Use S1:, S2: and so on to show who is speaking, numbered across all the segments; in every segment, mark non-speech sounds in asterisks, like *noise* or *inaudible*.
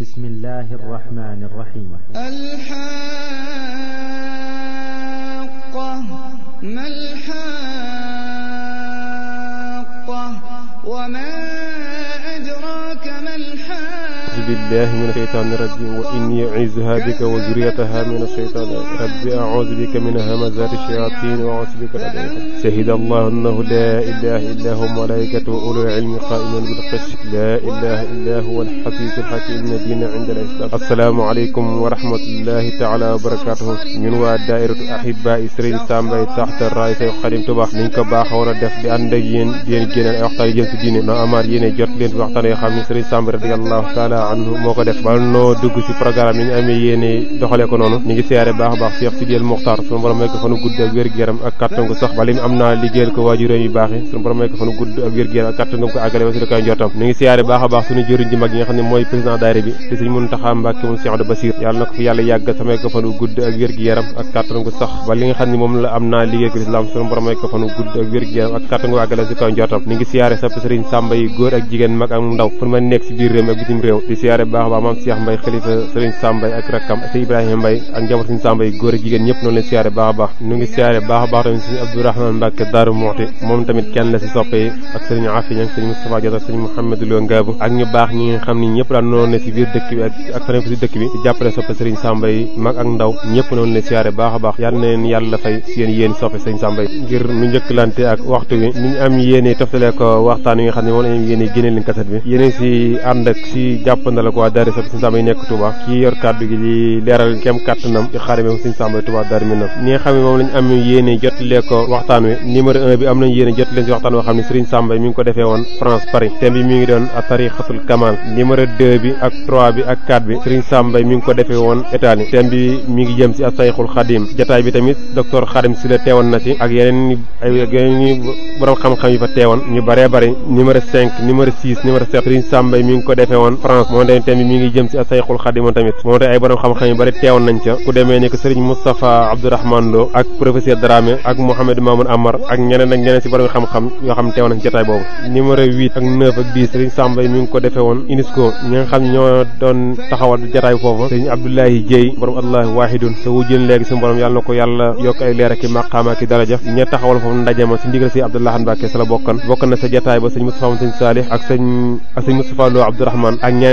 S1: بسم الله الرحمن الرحيم
S2: الحاقة ما الحاقة وما أدراك ما الحاقة أعوذ بالله
S3: من الشيطان الرجيم وإني أعيذها بك وذريتها من الشيطان رب أعوذ بك من همزات الشياطين وأعوذ بك رب شهد الله أنه لا إله إلا هو ملائكته أولو العلم قائما بالقسط لا إله إلا هو الحفيظ الحكيم الذين عند الإسلام السلام عليكم ورحمة الله تعالى وبركاته ñun waa daayiratu Ahibaa Serigne Sam Mbaye taxta raay say Xadim Tuubaa niñ ko baaxoon a def di ànd ak yéen di leen génneel ay waxtaan yu jëm ci diine na amaat yéene jot leen fi waxtaan yoo xam ne Serigne Sam radiyallahu taala taala anhu moo ko def ba noo dugg ci programme yi ñu amee yéene doxalee ko noonu ñu ngi siyaare baax a baax Cheikh Sidiyel Muxtaar suñu borom may ko fanu gudd ak wér yaram yaram ak kattan ko àggale wa si a nga xam ne moom Cheikh Abdou Basir yàlla na ko fi yàlla yàggal sa may ko fanu gudd ak wér yaram ak kattan gu sax ba li nga xam ne moom la am naa liggéey ko lislaam suñu borom may ko fanu gudd ak wér yaram ak kattan gu àggale wa si koy njottam ñu ngi siyaare sapp sëriñ sàmba siyaare bu baax a baax maam Cheikh Mbaye xalifa Serigne Sam ak rakkam ak Ibrahima Mbaye ak njaboot Serigne Sam Mbaye góor ak jigéen ñëpp noonu la siyaare baax a baax ñu ngi siyaare baax a baax tamit Serigne Abdourahmane Mbacke Daaru Muxti moom tamit kenn la si soppe yi ak Serigne Afi Ñang Serigne Moustapha Diatta Serigne Mouhamadou Lo Ngaabu ak ñu baax ñi nga xam ne ñëpp daan noonu si biir dëkk bi ak feneen si dëkk mag ak ndaw ñëpp noonu la siyaare baax a baax yàlla jàppandal ko waa daari sa Sëriñ Samba yi nekk Touba kii yor kàddu gi leeral kem kàttanam di xaare moom moom lañ am yéene jotlee ko waxtaan wi numéro bi am nañu yéene jot leen waxtaan woo xam ne Sëriñ Samba mi ngi ko defee woon France Paris thème bi mi ngi doon a tarixatul kamal numéro 2 bi ak 3 bi ak 4 bi Sëriñ Samba mi ngi ko defee woon Italie thème bi mi ngi jëm si a sayxul xadim jataay bi tamit docteur xadim si la teewoon na si ak yeneen yi fa teewoon ñu bëree bëri numéro 5 numéro 6 numéro 7 Sëriñ Samba mi ngi ko defee woon moom tamit mi ngi jëm ci asayxul xadim moom tamit moom tamit ay borom xam-xam yu bari teewoon nañ ca ku demee ni sëriñ Moustapha Abdourahmane Lo ak professeur Dramé ak Mouhamed Mamoun Amar ak ñeneen ak ñeneen ci borom xam-xam yoo xam teewoon nañ ci jotaay boobu numéro 8 ak 9 ak 10 sëriñ Samba mi ngi ko defee woon UNESCO ñi nga xam ñoo doon taxawal jotaay foofu sëriñ Abdoulaye Dieye borom Allah waahidun sa wujjën léegi si Abdoulahan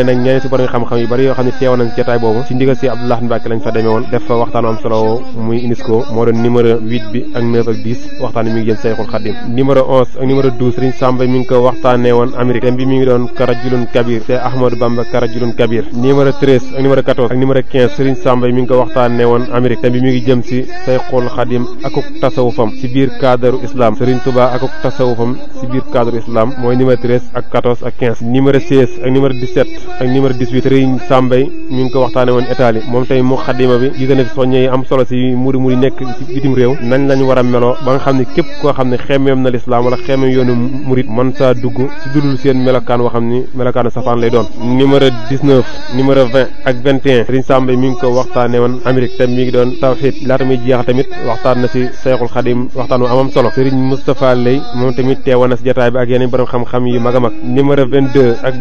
S3: nag ñeneen ci borom xam-xam yu bari yoo xam ne teew nañ ci jotaay boobu ci ndigal ci Abdoulaye Mbacke lañ fa demee woon def fa waxtaan am solo muy UNESCO moo doon numéro 8 bi ak 9 ak 10 waxtaan mi ngi jëm Sayxul Xadim numéro 11 ak numéro 12 Serigne Samba mi ngi ko waxtaanee woon Amérique thème bi mi ngi doon Karajulun Kabir te Ahmadou Bamba Karajulun Kabir numéro 13 ak numéro 14 ak numéro 15 Serigne Samba mi ngi ko waxtaanee woon Amérique thème bi mi ngi jëm ci Sayxul Xadim akuk tasawufam ci biir cadre islam Serigne Touba akuk tasawufam ci biir cadre islam mooy numéro 13 ak 14 ak 15 numéro 16 ak numéro 17 ak numéro 18 Rigne Sambay ñu ngi ko waxtaane woon Italie moom tey mu xaddima bi gis na fi soññe yi am solo si muri muri nekk ci bitim réew nañ lañ war a meloo ba nga xam ne képp koo xam ne xemeem na lislaam wala xemeem yoonu murit mën saa dugg si dudul seen melokaan woo xam ni melokaanu safaan lay doon numéro 19 numéro 20 ak 21 Rigne Sambay mi ngi ko waxtaane woon Amérique tam mi ngi doon tawxiid laata muy jeex tamit waxtaan na si Seexul Xadim waxtaan wu amam solo Serigne Moustapha Lay moom tamit teewoon na si jataay xam-xam yu mag a mag numéro 22 ak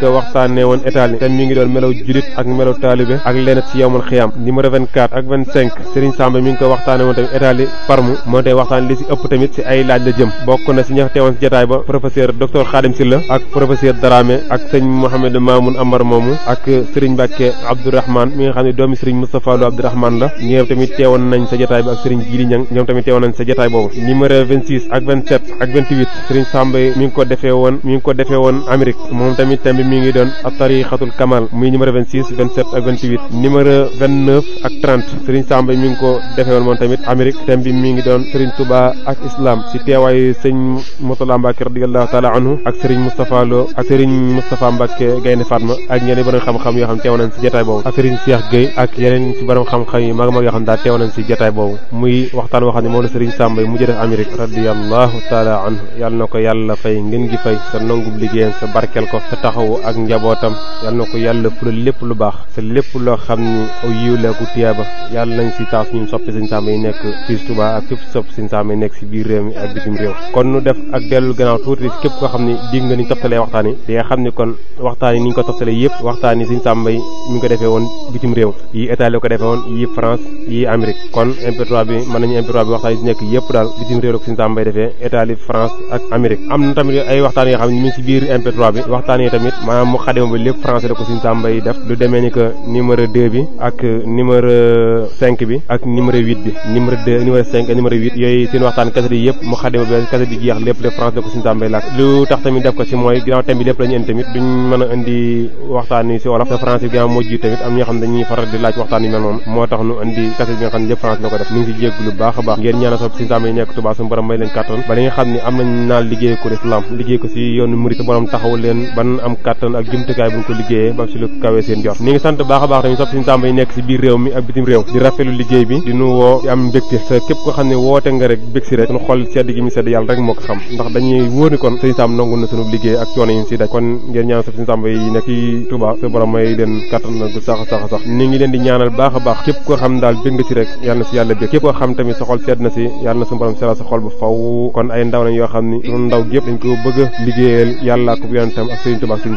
S3: ko waxtaanee ngi doon melaw julit ak melaw taalibe ak leneen ci yowmal xiyaam numéro ak 25 Serigne Samba mi ngi ko waxtaanee woon tamit état yi moo tamit ci ay laaj tamit teewoon nañ sa ngi ko defee woon mi moom tamit tamit mi ngi doon a tarixatul kamal muy numéro 26 27 ak 28 numéro 29 ak 30 Serigne Samba mi ngi ko defee woon moom tamit Amérique thème bi mi ngi doon Serigne Touba ak islam ci teewaayu sëñ Moutala Mbacke radiyallahu taala anhu ak Serigne Moustapha Lo ak Serigne Moustapha Mbacke Gaynde Fatma ak ñeneen borom xam-xam yoo xam teew nañ ci jotaay boobu ak Serigne Cheikh Gueye ak yeneen ci borom xam-xam yi mag mag yoo xam daal teew nañ ci jotaay boobu muy waxtaan waxam ne moom la Serigne Samba mujj def Amérique radiyallahu taala anhu yàlla na ko yàlla fay ngeen gi fay sa nongub liggéeyam sa barkel ko sa taxawu ak njabootam yal na ko yàlla fulal lépp lu baax te lépp loo xam ni aw yiw la ku tiyaaba yàlla nañ si taas ñun soppi sëñ Samba yi nekk fii si Touba ak fépp soppi sëñ Samba yi nekk si biir réew mi ak bitim réew kon nu def ak dellu gannaaw tuuti képp koo xam ne dig nga ni toftalee waxtaan yi di nga xam ni kon waxtaan yi ni ñu ko toftalee yëpp waxtaan yi sëñ Samba yi mi ngi ko defee woon bitim réew yi Italie la ko defee woon yi France yi Amérique kon mp bi mën nañu MP3 bi waxtaan yëpp daal bitim réew la ko sëñ Samba yi defee Italie France ak Amérique am na tamit yoo xam si biir MP3 bi waxtaan yi tamit maanaam muqaddima bi lépp français la ko suñu Samba yi def lu demee ni que numéro 2 bi ak numéro 5 bi ak numéro 8 bi numéro 2 numéro 5 ak numéro 8 yooyu seen waxtaan kaset yi yëpp muqaddima bi kaset bi jeex lépp lépp français la ko suñu Samba yi làkk lu tax tamit def ko ci mooy ginnaaw thème lépp la indi tamit ci wolof te français bi ginnaaw moo jiit tamit am ñoo xam ne dañuy faral di laaj waxtaan yu moo tax nu indi kaset bi lépp français la kàttan ak jumtukaay bu ñu ko liggéeyee ba si lu kawee seen jot ni ngi sant baax a tamit sopp suñu sàmba si biir réew nga rek bég si rek rek moo xam ni kon suñu sàmb nangu na suñu liggéey ak a ko xam daal tamit sa xol sedd si yàlla na suñu borom kon ay ndaw lañ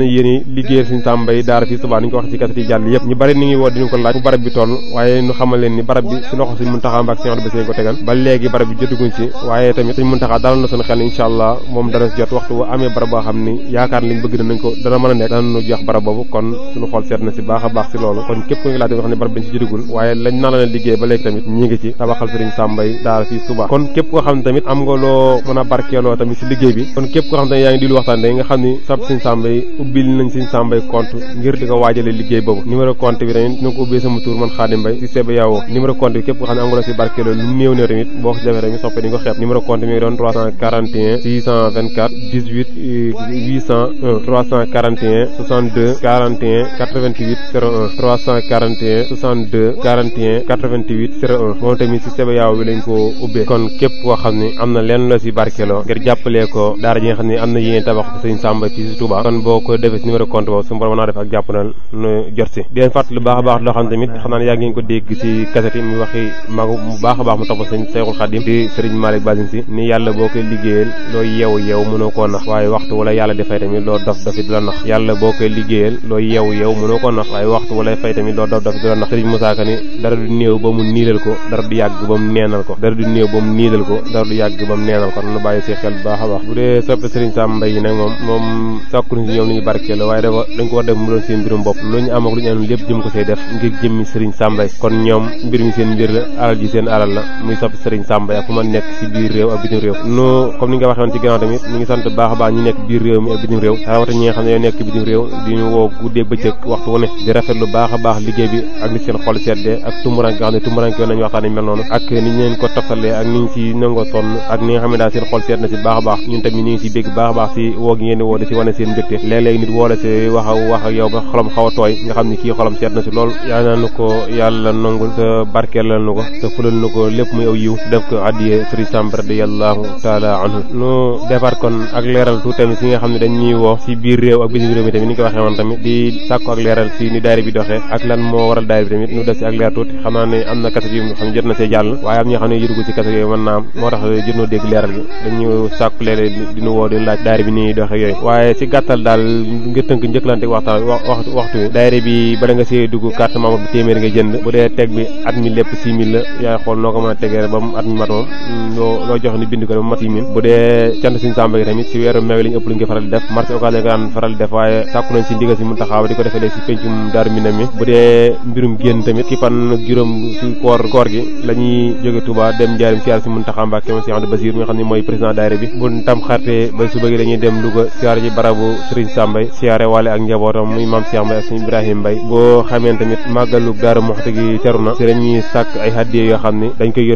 S3: na yéene liggéeyal si loxo suñ Muntaxa Mbàkke seen xel insha allah moom dana jot waxtu bu amee barab boo xam ni yaakaar lañ bëgg danañ ko dana mën a nekk danañu jox barab boobu kon suñu xool seet na si baax a baax si loolu kon képp ku ngi laaj wax ne barab bi ci jotagul waaye lañ naa la liggéey ba léegi tamit ñi ngi ci tabaxal sëriñ Sàmbay daara fii subaa kon képp koo xam ne tamit am nga loo mën a barkeeloo tamit si liggéey bi kon képp koo xam ne yaa ngi nga xam ubbil nañ sëñ Sambay compte ngir di ko waajale liggéey boobu numéro compte bi tamit dina ko ubbee sama tur man Xaadim bi ko si moom tamit si seeba bi lañ ko ubbee kon képp koo xam ni am na lenn la si barkeeloo ngir jàppalee ko daara ji nga xam ne am na yéene tabax sëñ Samba ci si kon boo ko defee si numéro compte boobu su borom naa def ak jàpp nu jot si di leen lu baax a baax loo xam tamit xam naa ne yaa ko dégg si kaset yi waxi magu baax a baax mu topp Seexul Xadim di sëriñ ni yàlla boo koy liggéeyal looy yeewu yeew mënoo koo nax waaye waxtu wala yàlla di du la nax yàlla boo koy liggéeyal looy yeewu yeew mënoo koo nax waaye waxtu wala fay du la nax sëriñ Moussa Ka dara du néew ba mu niilal ko dara du yàgg ba mu neenal ko dara du néew ba mu niilal ko dara du yàgg ba mu neenal ko nu bàyyi si xel a barkeeloo waaye dafa dañ ko war def mu doon seen mbirum bopp lu ñu am ak lu ñu am lépp jëm ko see def ngir jëmmi Serigne Sambay kon ñoom mbir mi seen mbir alal ji seen alal la muy soppi Serigne Sambay ak fu nekk si biir réew ak bitim réew nu comme ni ñu ngi sant a baax a mel noonu ak ni ñu leen ko toftalee ak ni ñu si nangoo sonn ak ni xam ne daal seen xol sedd na si baax a baax ñun tamit ñu si bégg baax a baax si woo gi ngeen woo di si wane seen mbégte léeg-léeg nit woo la ci wax wax ak yow ba xolam xaw a tooy nga xam ni kii xolam seet na ci lool yàlla na ko yàlla nangul te barkeelal na ko te fulal na ko lépp muy aw yiw def ko addiye Sëriñ Sam radiyallahu taala nu defar kon ak leeral tuuti tamit si nga xam ne dañ ñuy woo ci biir réew ak bitim réew mi tamit ni ko waxee woon tamit di sàkku ak leeral si ni daayira bi doxee ak lan moo waral daayira bi tamit nu def si ak leeral tuuti xam naa ne am na kase bi xam ne na see jàll waaye am ñoo xam ne yërugu si kase yooyu mën naa am moo bi dañu sàkku leeral di ngir tënk njëkkalante waxtaan waxtu waxtu wi daayira bi bala nga see dugg carte membre bi téeméer nga jënd bu dee teg bi at mi lépp six mille la yaay xool noo ko mën a tegee ba mu at mi mat moom loo loo joxe ni bind ko ba mu mat six mille bu dee cant suñu sàmba gi tamit si weeru mewe lañu ëpp lu ngi faral di def marché occasion nga daan faral di def waaye sàkku nañ si ndigal si Muntaxa di ko defee léegi si pencum daaru mi na mi bu dee mbirum génn tamit ki fan juróom si koor koor gi la ñuy jóge Touba dem njaarim siyaar si Muntaxa Mbàkke ma si Basir mi nga xam ne mooy président daayira bi bu tam xarte ba suba gi dañuy dem Louga siyaar ji barabu Sëriñ Sam Mbay siyaare waale ak njabootam muy maam Cheikh Mbay ak sëñ Ibrahima Mbay boo xamee tamit màggalu Daaru Muxti gi teru na si dañuy sàkk ay hadiya yoo xam ni dañ koy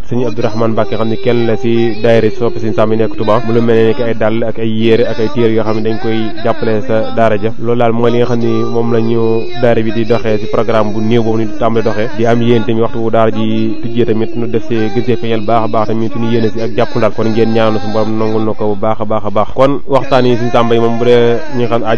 S3: jàppale sa daara ja loolu daal mooy li xam ni moom la daara bi di doxee si programme bu néew boobu ni du tàmbale doxee di am yéen tamit waxtu daara ji tijjee tamit nu def see gën see feeñal baax a baax tamit suñu yéene si ak jàpp ndal kon ngeen ñaanu su borom nangul na ko baax a baax a baax kon waxtaan yi sëñ Sam Mbay moom bu dee ñi nga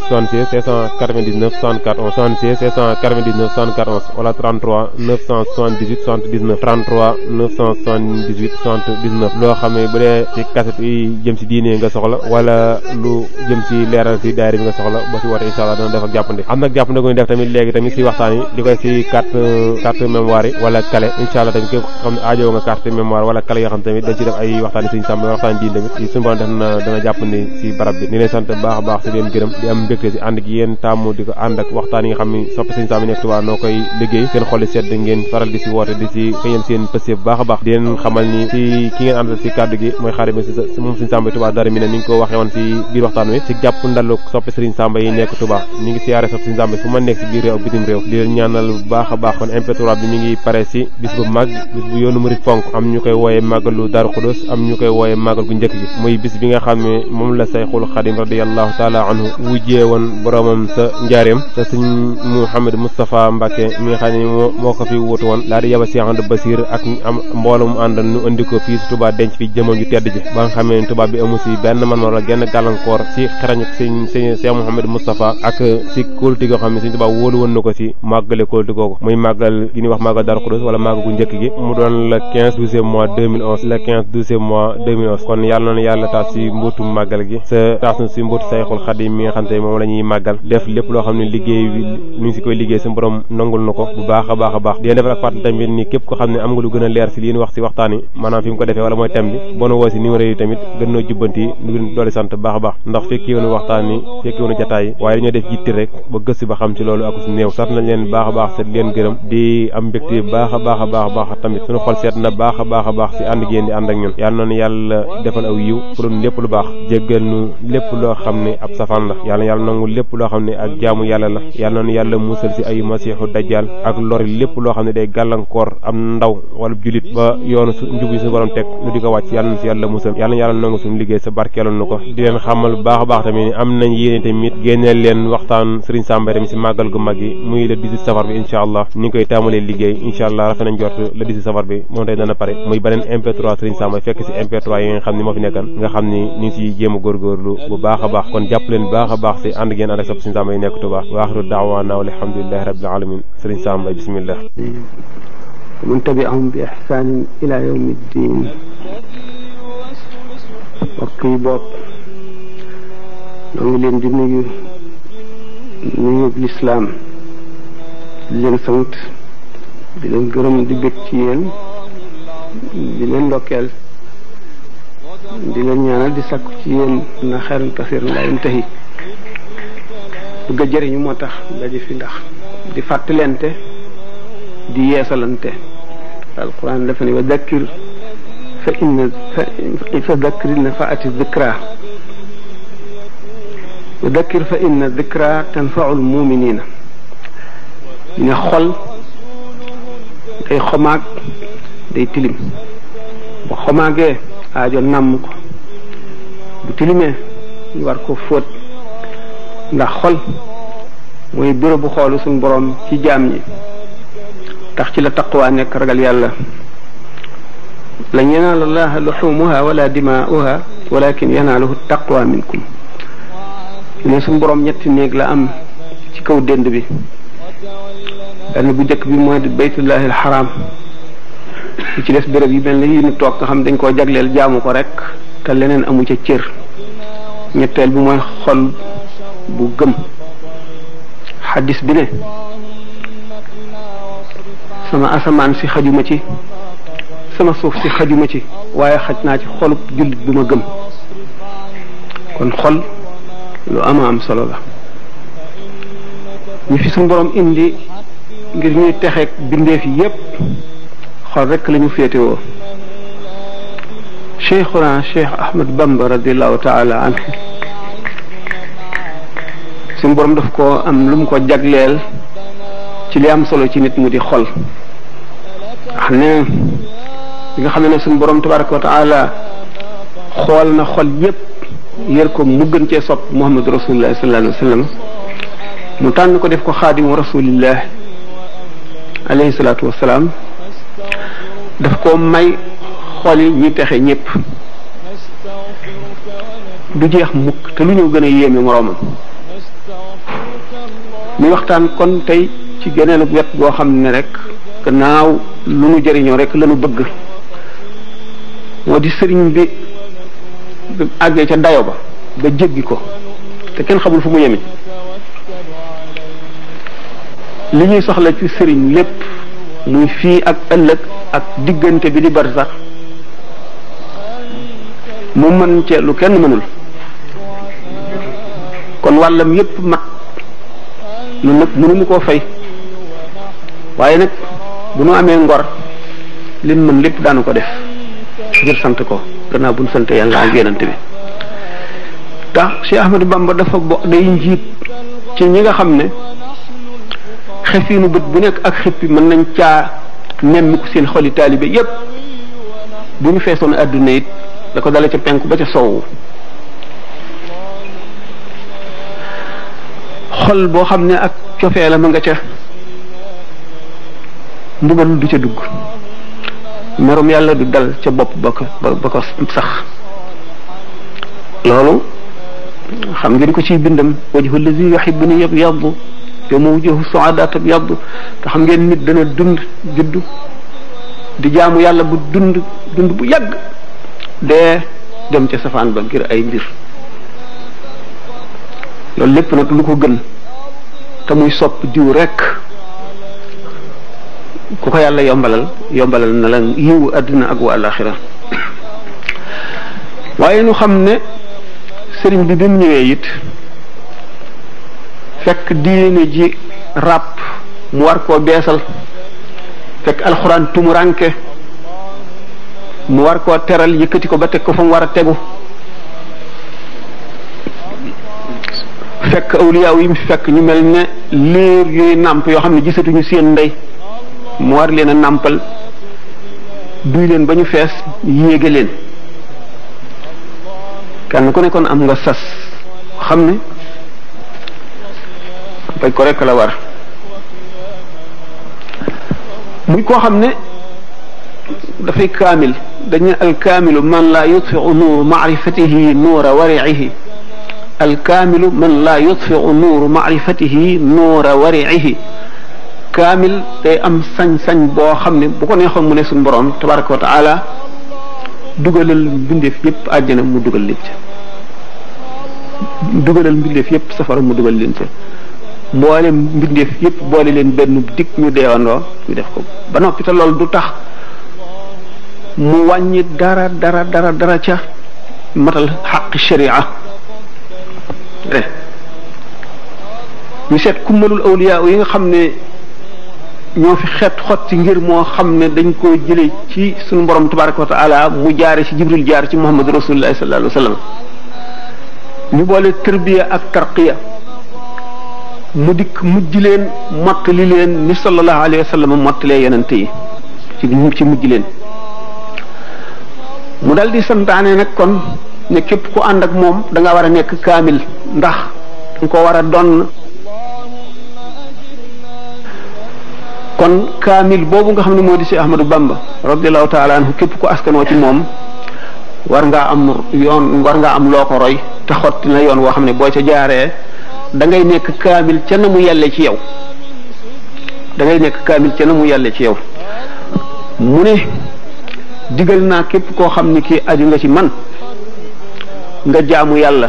S3: 70 76 799 64 11 76 799 64 11 wala 33 978 79 33 978 79 loo xam ne bu dee ci kaset yi jëm si diine nga soxla wala lu jëm si leeral si daayira bi nga soxla ba si waxtaan yi di koy si carte carte mémoire yi wala kale incha allah tamit képp xam ne aajowoo nga carte mémoire wala kale yoo xam tamit dañ ci def ay waxtaan yi suñu sàmm waxtaan diine tamit suñu borom def na dana jàppandi si barab bi ni leen sant baax a baax si leen gërëm di am mbégte si ànd ak yéen soppi sëñ Saam yi nekk Tuubaa noo koy liggéey seen xol sedd ngeen faral di si woote di si xëyal seen pëstéef baax a baax di leen xamal ni si ngeen àndal si kàddu gi mooy xaarima biir waxtaan wi si jàpp ndalu soppi sëriñ Samba yi nekk Tuubaa ñu ngi siyaare soppi sëriñ Samba fu ma nekk si biir réew ak bitim réew di leen ñaanal bu baax baax kon impétura bi mi ngi pare si bis bu mag bu yoonu murit fonk am am ñu koy wooye màggal gu njëkk liggéey woon moo ko fi wutu woon laa di yaba Cheikh Amadou Basir ak am mbooloo mu àndal ñu indi ko fii si Touba denc fi jëmam ju tedd ji ba nga xamee ne Touba bi amu si benn man wala genn gàllankoor si xarañ sëñ sëñ Cheikh Mouhamed Moustapha ak si goo xam ne sëñ Touba wóolu woon na ko si màggale kóolute googu muy màggal gi ñuy wax màggal Darou Khoudoss wala màggal gu njëkk gi mu doon le 15 12e mois 2011 le 15 12e mois 2011 kon gi moom la ñuy màggal def lépp loo xam ne liggéey bi mi ngi si koy liggéey suñu borom nangul na ko bu baax a baax a baax dina defal ak fàttali tamit ni képp ko xam ne am nga lu gën a leer si li ñu wax si waxtaan yi fi mu ko defee wala mooy thème bi boo si numéro tamit gën noo jubbanti ñu doole sant baax a baax ndax fekkee woon waxtaan yi fekkee jataay waaye dañoo def jitti rek ba gëstu ba xam si loolu ak su néew sant nañ leen baax a baax seet a a a a a yàlla nangu lépp loo xam ne ak jaamu yàlla la yàlla nanu musal si ay masiixu dajjal ak lori lépp loo xam ne day gàllankoor am ndaw wala julit ba yoonu su njubi suñu borom teg nu di ko wàcc yàlla na si yàlla musal yàlla nu a ngi koy tàmbalee liggéey incha allah rafet nañ jort le 18 safar bi moom tey dana pare muy beneen MP3 Serigne Samba fekk si MP3 yi nga xam ne moo fi nekkan nga xam ni ñu ngi jéem a góorgóorlu bu baax a baax kon jàpp a te ànd ngeen ànd ak sopp nekk Tuubaa wa axiru daawaana alhamdulillahi rabbil alamin Sëriñ Sam Mbaye bismillah ومن تبعهم بإحسان إلى يوم الدين mbokki bopp
S1: ñoo ngi leen di nuyu nuyub lislaam leen sant di leen di bég ci yéen di leen di leen ñaanal di sakku ci yéen na xeeran kasiran laa yuntahi bëgg a jëriñu moo tax daje fi ndax di fàttalente di yeesalante alquran dafa ne wa dakkir fa inna fa dakkir na fa ati dikra wa dakkir fa inna dikra tanfaul muminina ne xol day xomaag day tilim bu xomaagee aajo nàmm ko bu tilimee ñu war ko fóot ndax xol muy bureau bu xoolu suñ borom ci jaam ñi tax ci la taqwa nekk ragal yàlla lan yanaala allaha luxumuha wala dimaauha walakin yanaaluhu taqwa minkum ne suñu borom ñetti néeg la am ci kaw dënd bi benn bu njëkk bi mooy baytullahi alxaram li ci des béréb yi mel ni yi ñu toog nga xam dañ koo jagleel jaamu ko rek te leneen amu ca cër ñetteel bi mooy xol bu gëm xaddis bi ne sama asamaan si xajuma ci sama suuf si xajuma ci waaye xaj naa ci xolub jullit bu ma gëm kon xol lu ama am solo la ñu fi suñu indi ngir ñi texek bindeef yi yépp xol rek la ñu féetewoo cheikhuna cheikh ahmad bamba radiallahu taala anhu suñu borom daf ko am lu mu ko jagleel ci li am solo ci nit mu di xol xam ne li nga xam ne suñu borom tabaraka wa taala xool na xol yépp yër ko mu gën cee sopp muhammad rasulullah sallallahu alayhi wa sallam mu tànn ko def ko xaadimu rasulillah alayhi salaatu wasalaam daf ko may xol yi ñi texe ñépp du jeex mukk te lu ñëw gën a yéeme moroomam muy waxtaan kon tey ci geneen wet goo xam ne rek gannaaw lu nu jëriñoo rek lañu bëgg moo di sëriñ bi bi àggee ca dayo ba ba jéggi ko te kenn xamul fu mu yemi li ñuy soxla ci sëriñ lépp muy fii ak ëllëg ak diggante bi di bar sax mu mën cee lu kenn mënul kon wàllam yépp mat nu nag mënuñu koo fay waaye nag bu nu amee ngor lin mën lépp daanu ko def ngir sant ko gannaaw buñ sant yàlla ak yenante bi tax Cheikh Ahmadou Bamba dafa bo day njiit ci ñi nga xam ne nu bët bu nekk ak xippi mën nañ caa nemmiku seen xoli taalibe yépp bu ñu feesoon adduna it da ko dale ca penku ba ca soow xol boo xam ne ak cofee la ma nga ca mbugal du ca dugg merum yàlla du dal ca bopp ba ko ba ko sax loolu xam ngeen ko ci bindam wajhu allazi yuhibbuni yabyaddu yawma wujuhu su'ada tabyaddu te xam ngeen nit dana dund juddu di jaamu yàlla bu dund dund bu yàgg dee dem ca safaan ba ngir ay mbir loolu lépp nag lu ko gën te muy sopp diw rekk ku ko yàlla yombalal yombalal na la yiwu àddina ak wa alaxira waaye nu xam ne sëriñ bi bi mu ñëwee it fekk diine ji ràpp mu war koo beesal fekk alxuraan tumuraanke mu war koo teral yëkkati ko ba teg ko fa mu war a tegu fekk awliyaaw yi mu fekk ñu mel ne liir yooyu nàmp yoo xam ne gisatuñu seen ndey mu war leen a nàmpal duy leen ba ñu fees yéege leen kenn ku nekkoon am nga sas xam ne fay ko rekk la war muy koo xam ne dafay kaamil dañ ne alkaamilu man la yutfiu nuuru maarifatihi nuura wariihi kaamilu man laa yutfiu nuuru maarifatihi nuura wariihi kaamil day am sañ-sañ boo xam ne bu ko neexoon mu ne suñu boroom tabaraka wa taala dugalal mbindeef yépp àjjana mu dugal leen ca dugalal mbindeef yépp mu dugal leen ca mboole mbindeef yépp boole leen benn dikk ñu deewandoo ñu def ko ba noppi te loolu du tax mu wàññi dara dara dara dara ca matal xaq sharia Eh. ñu seet ku mënul awliya yi nga xam ne ñoo fi xet xotti ngir moo xam ne dañ koo jële ci suñu borom tabaraka wa taala mu jaare ci jibril jaar ci muhammad rasulullahi sallallahu alayhi wa sallam ñu boole tërbiya ak tarqiya mu dikk mujj leen mottali leen ni sallallahu alayhi wa sallam mottalee yonente yi ci mujj leen mu dal di santaane nag ne képp ku ànd ak moom da war a nekk kaamil ndax da nga war a donn kon kaamil boobu nga xam ne moo di si Ahmadou Bamba radiallahu taala anhu képp ku askanoo ci moom war ngaa am war ngaa am loo ko roy te xotti na yoon woo xam ne boo ca jaaree da ngay nekk kaamil ca na mu yàlle ci yow da nekk kaamil ca mu yàlle ci yow mu ne digal naa képp koo xam ne kii aju nga ci man nga jaamu yàlla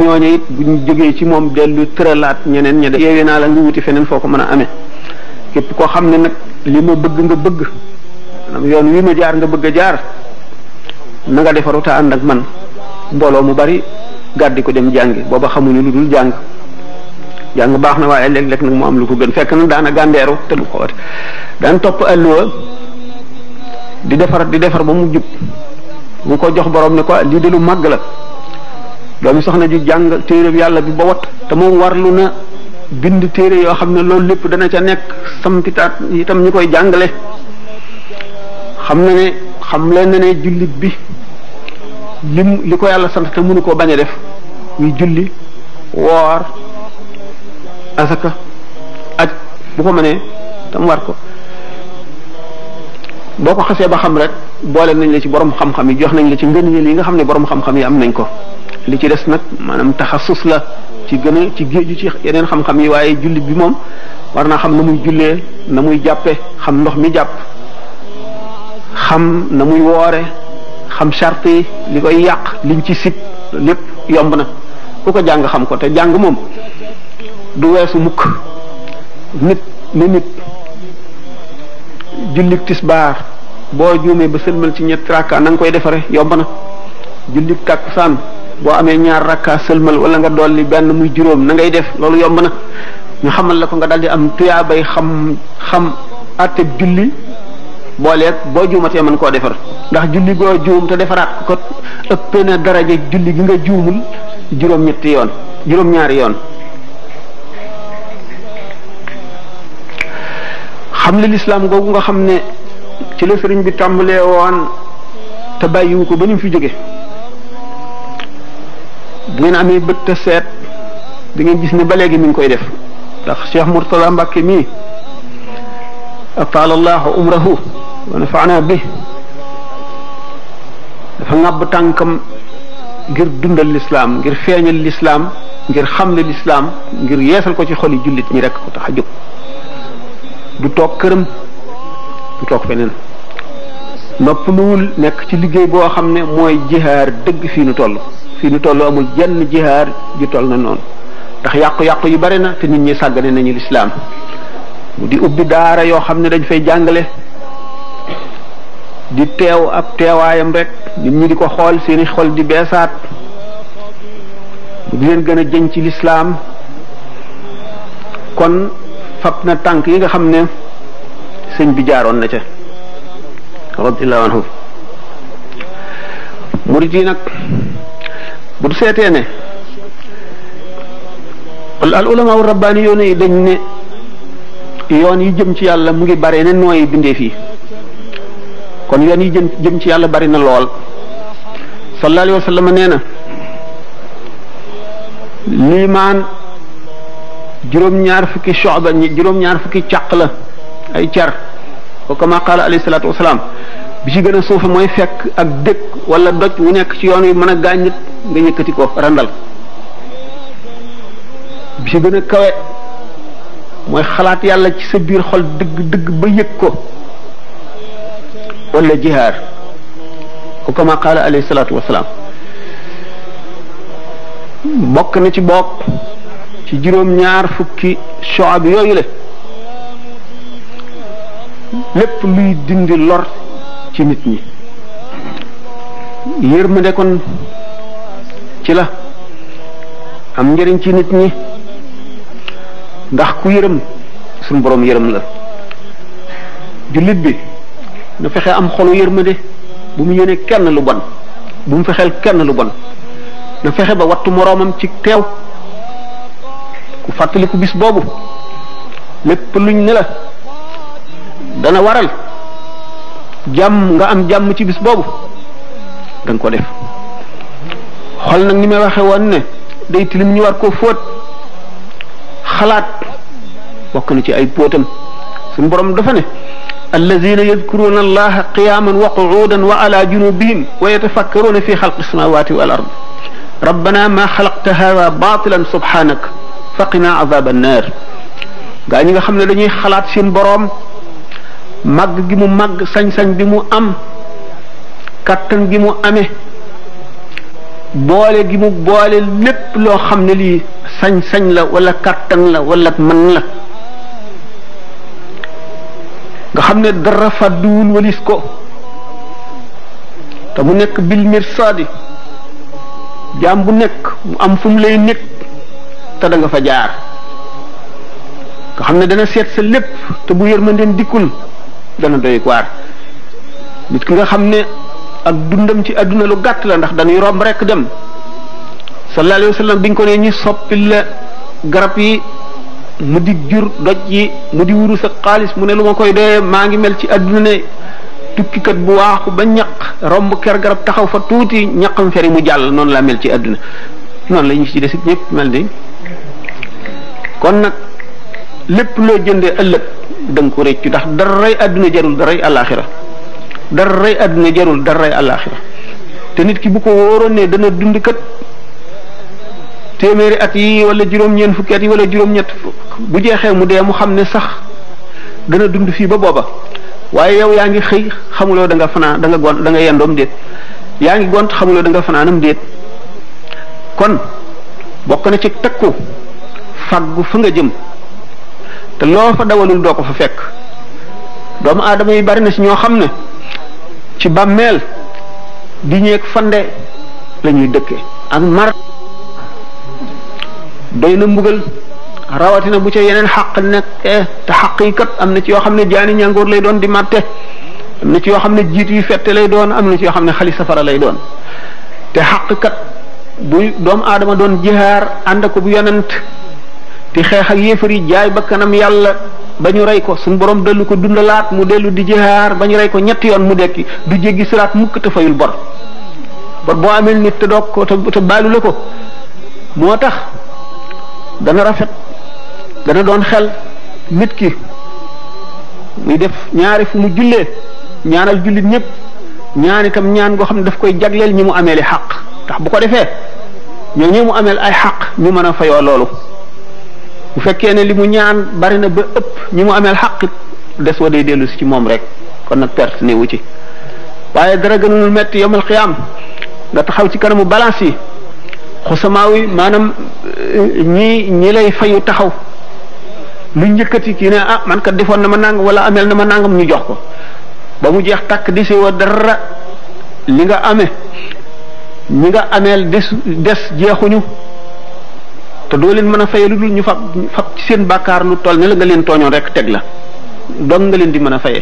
S1: ñooñu it bu ñu jógee ci moom dellu tëralaat ñeneen ña de naa la nga wuti feneen foo ko mën a ame képp koo xam ne nag li ma bëgg nga bëgg maanaam yoon wi ma jaar nga bëgg a jaar na nga defaru ta man mbooloo mu bari gàddi ko dem jàngi booba xamuñu lu dul jàng jàng baax na waaye léeg-léeg nag mu am lu ko gën fekk nag daana gàndeeru te du ko wate daan topp àlluwa di defar di defar ba mu jub mu ko jox boroom ne ko lii de lu màgg la doomu soxna ji jàng téere yàlla bi ba wat te moom warlu na bind téere yoo xam ne loolu lépp dana ca nekk sampitaat itam ñu koy jàngale xam na ne xam leen na ne jullit bi li li ko yàlla sant te mënu koo bañ a def muy julli woor asaka aj bu ko mënee tam war ko boo ko xasee ba xam rek boole nañ la ci borom xam-xam yi jox nañ la ci ngëneel yi nga xam ne borom xam-xam yi am nañ ko li ci des nag maanaam taxasus la ci gën a ci géeju ci yeneen xam-xam yi waaye jullit bi moom war naa xam na muy jullee na muy jàppe xam ndox mi jàpp xam na muy woore xam charte yi li koy yàq liñ ci sib lépp yomb na ku ko jàng xam ko te jàng moom du weesu mukk nit ni nit jullik tisbaar boo juumee ba sëlmal ci ñetti rakka na nga koy defaree yomb na jullik takkusaan boo amee ñaar rakka sëlmal wala nga dolli benn muy juróom na ngay def loolu yomb na ñu xamal la ko nga daldi am tuyaabay xam xam àtteb julli booleeg boo juumatee mën koo defar ndax julli goo juum te defaraat ko ëppee na daraja julli gi nga juumul juróom-ñetti yoon juróom-ñaari yoon xam le lislaam googu nga xam ne ci la sëriñ bi tàmbalee woon te bàyyiwu ko ba ni mu fi jóge bu ngeen amee bët te seet da ngeen gis ne ba léegi mi ngi koy def ndax Cheikh Mourtada Mbacke mii ataala allahu umrahu wa nafaana bi dafa ŋàbb tànkam ngir dundal lislaam ngir feeñal lislaam ngir xam xamle lislaam ngir yeesal ko ci xoli jullit ñi rek tax a jóg du toog këram du toog feneen noppaluwul nekk ci liggéey boo xam ne mooy jihaar dëgg fii nu toll fii nu toll amul jenn jihaar ju toll na noonu ndax yàqu-yàqu yi bari na te nit ñi sàggane nañu lislaam mu di ubbi daara yoo xam ne dañ fay jàngale di teew ab teewaayam rekk nit ñi di ko xool seeni xol di beesaat mu di leen gën a jëñ ci lislaam kon fab na tànk yi nga xam ne sëñ bi jaaroon na ca radiyallahu anhu murid yi nag bu seetee ne al ulama wu rabbaani yoon yi dañ ne yoon yi jëm ci yàlla mu ngi bare ne nooy bindee fii kon yoon yi jëm jëm ci yàlla bari na lool sallallahu wa sallam nee na liimaan juróom-ñaar fukki shoxba juróom-ñaar fukki càq la ay car wa kama qaala alayhi salaatu wasalaam bi ci gën a suufe mooy fekk ak dëkk wala doj wu nekk ci yoon wi mën a gaañ nit nga yëkkati ko randal bi ci gën a kawe mooy xalaat yàlla ci sa biir xol dëgg dëgg ba yëg ko wala jihaar wa kama qaala alayhi salaatu wasalaam bokk na ci bokk ci juróom ñaar fukki shu'ab yooyu la lépp luy dindi lor ci nit ñi yërmande kon ci la am njëriñ ci nit ñi ndax ku yërëm suñu boroom yërëm la jullit bi na fexe am xolu yërmande bu mu yéene kenn lu bon bu mu fexeel kenn lu bon na fexe ba wattu moroomam ci teew fàttaliku bis boobu lépp luñ ne la dana waral jàmm nga am jàmm ci bis boobu da ko def xol na ni may waxe woon ne day tilim ñu war koo fóot xalaat bokk na ci ay póotam su borom dafa ne allazina yadkuruna allaha qiyaman wa qu'udan wa ala junubihim wa yatafakkaruna fi xalqi samawati wal ard rabbana ma xalaqta hada batilan subhanak faqina azaba annar gaa ñi nga xam ne dañuy xalaat seen boroom màgg gi mu màgg sañ-sañ bi mu am kàttan gi mu amee boole gi mu boole lépp loo xam ne lii sañ-sañ la wala kattan la wala man la nga xam ne dara fàdduwul walis ko te mu nekk bil mirsaadi jaam bu nekk mu am fu lay nekk te da fa jaar nga xam ne dana seet sa lépp te bu yërmandeen dikkul dana doy waar nit ki nga xam ne ak dundam ci àdduna lu gàtt la ndax dañuy romb rek dem sallallahu alayhi wa bi biñ ko nee ñu soppil la garab yi mu di jur doj yi mu di wuru sa xaalis mu ne lu ma koy doyee maa ngi mel ci àdduna ne tukkikat bu waaxu ba ñaq romb ker garab taxaw fa tuuti ñaqam feri mu jàll noonu laa mel ci àdduna noonu la ñu ci des it ñëpp mel ni kon nag lépp loo jëndee ëllëg da nga ko réccu ndax daray àdduna jarul daray alaxira daray àdduna jarul daray alaxira te nit ki bu ko wóoroon ne dana dund kat téeméeri at yi wala juróom-ñeent fukki at yi wala juróom-ñett bu jeexee mu dee mu xam ne sax dana dund fii ba booba waaye yow yaa ngi xëy xamuloo danga nga fanaan danga nga gont da nga déet yaa ngi gont xamuloo danga nga fanaanam déet kon bokk na ci takku faggu fa nga jëm te loo fa dawalul doo ko fa fekk doomu aadama yi bari na ci ñoo xam ne ci bàmmeel di ñeeg fande lañuy ñuy dëkke ak mar doy na mbugal rawatina bu ca yeneen xaq nekkee te xaq yi kat am na ci yoo xam ne jaani ñàngoor lay doon di matte am na ci yoo xam ne jiit yu fette lay doon am na ci yoo xam ne xali safara lay doon te xaq kat bu doomu aadama doon jihaar ànd ko bu yonent di xeex ak yéefar yi jaay ba kanam yàlla ba ñu rey ko suñ boroom dellu ko dundalaat mu dellu di jihaar ba ñu rey ko ñetti yoon mu dekki du jéggi siraat mukk te fayul bor bor boo amee nit te doog ko te baalu la ko moo tax dana rafet dana doon xel nit ki muy def ñaari fu mu jullee ñaanal jullit ñëpp ñaan itam ñaan goo xam ne daf koy jagleel ñi mu ameel i xaq ndax bu ko defee ñoo ñi mu ameel ay xaq ñu mën a fayoo loolu bu fekkee ne li mu ñaan bari na ba ëpp ñi mu ameel xaq des wa day dellu ci moom rek kon nag perte newu ci waaye dara gënul metti yawmal qiyaam nga taxaw ci kanamu balance yi xusamaaw yi maanaam eh, ñi ñi lay fayu taxaw lu njëkkati kii ne ah man kat defoon na ma nangam wala ameel na ma nangam ñu jox ko ba mu jeex takk di si dara li nga amee ñi nga ameel des des jeexuñu te doo leen mën a faye lu dul ñu fab fab ci seen bàkkaar lu toll ne la nga leen tooñoon rek teg la doon nga leen di mën a faye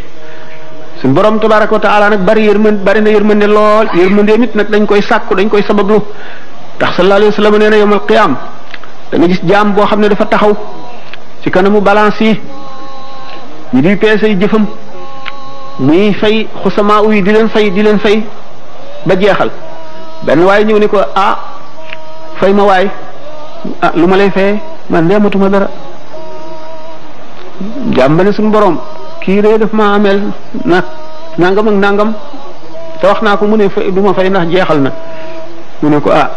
S1: suñ borom tabaraka wa taala nag bari yërmande bari na ne lool yërmandeem it nag dañ koy sàkku dañ koy sabablu tax sallallahu alayhi wa sallam nee na yawmal qiyaam da nga gis jaam boo xam ne dafa taxaw ci kanamu balance yi ñu di peese yi jëfam muy fay xusamaa uy di leen fay di leen fay ba jeexal benn waaye ñëw ni ko ah fay ma waay ah lu ma lay fayee man de amatuma dara jàmbane suñu borom kii de def maa ameel na nangam ak nangam te wax naa ko mu ne fay du ma fay ndax jeexal na mu ne ko a ah,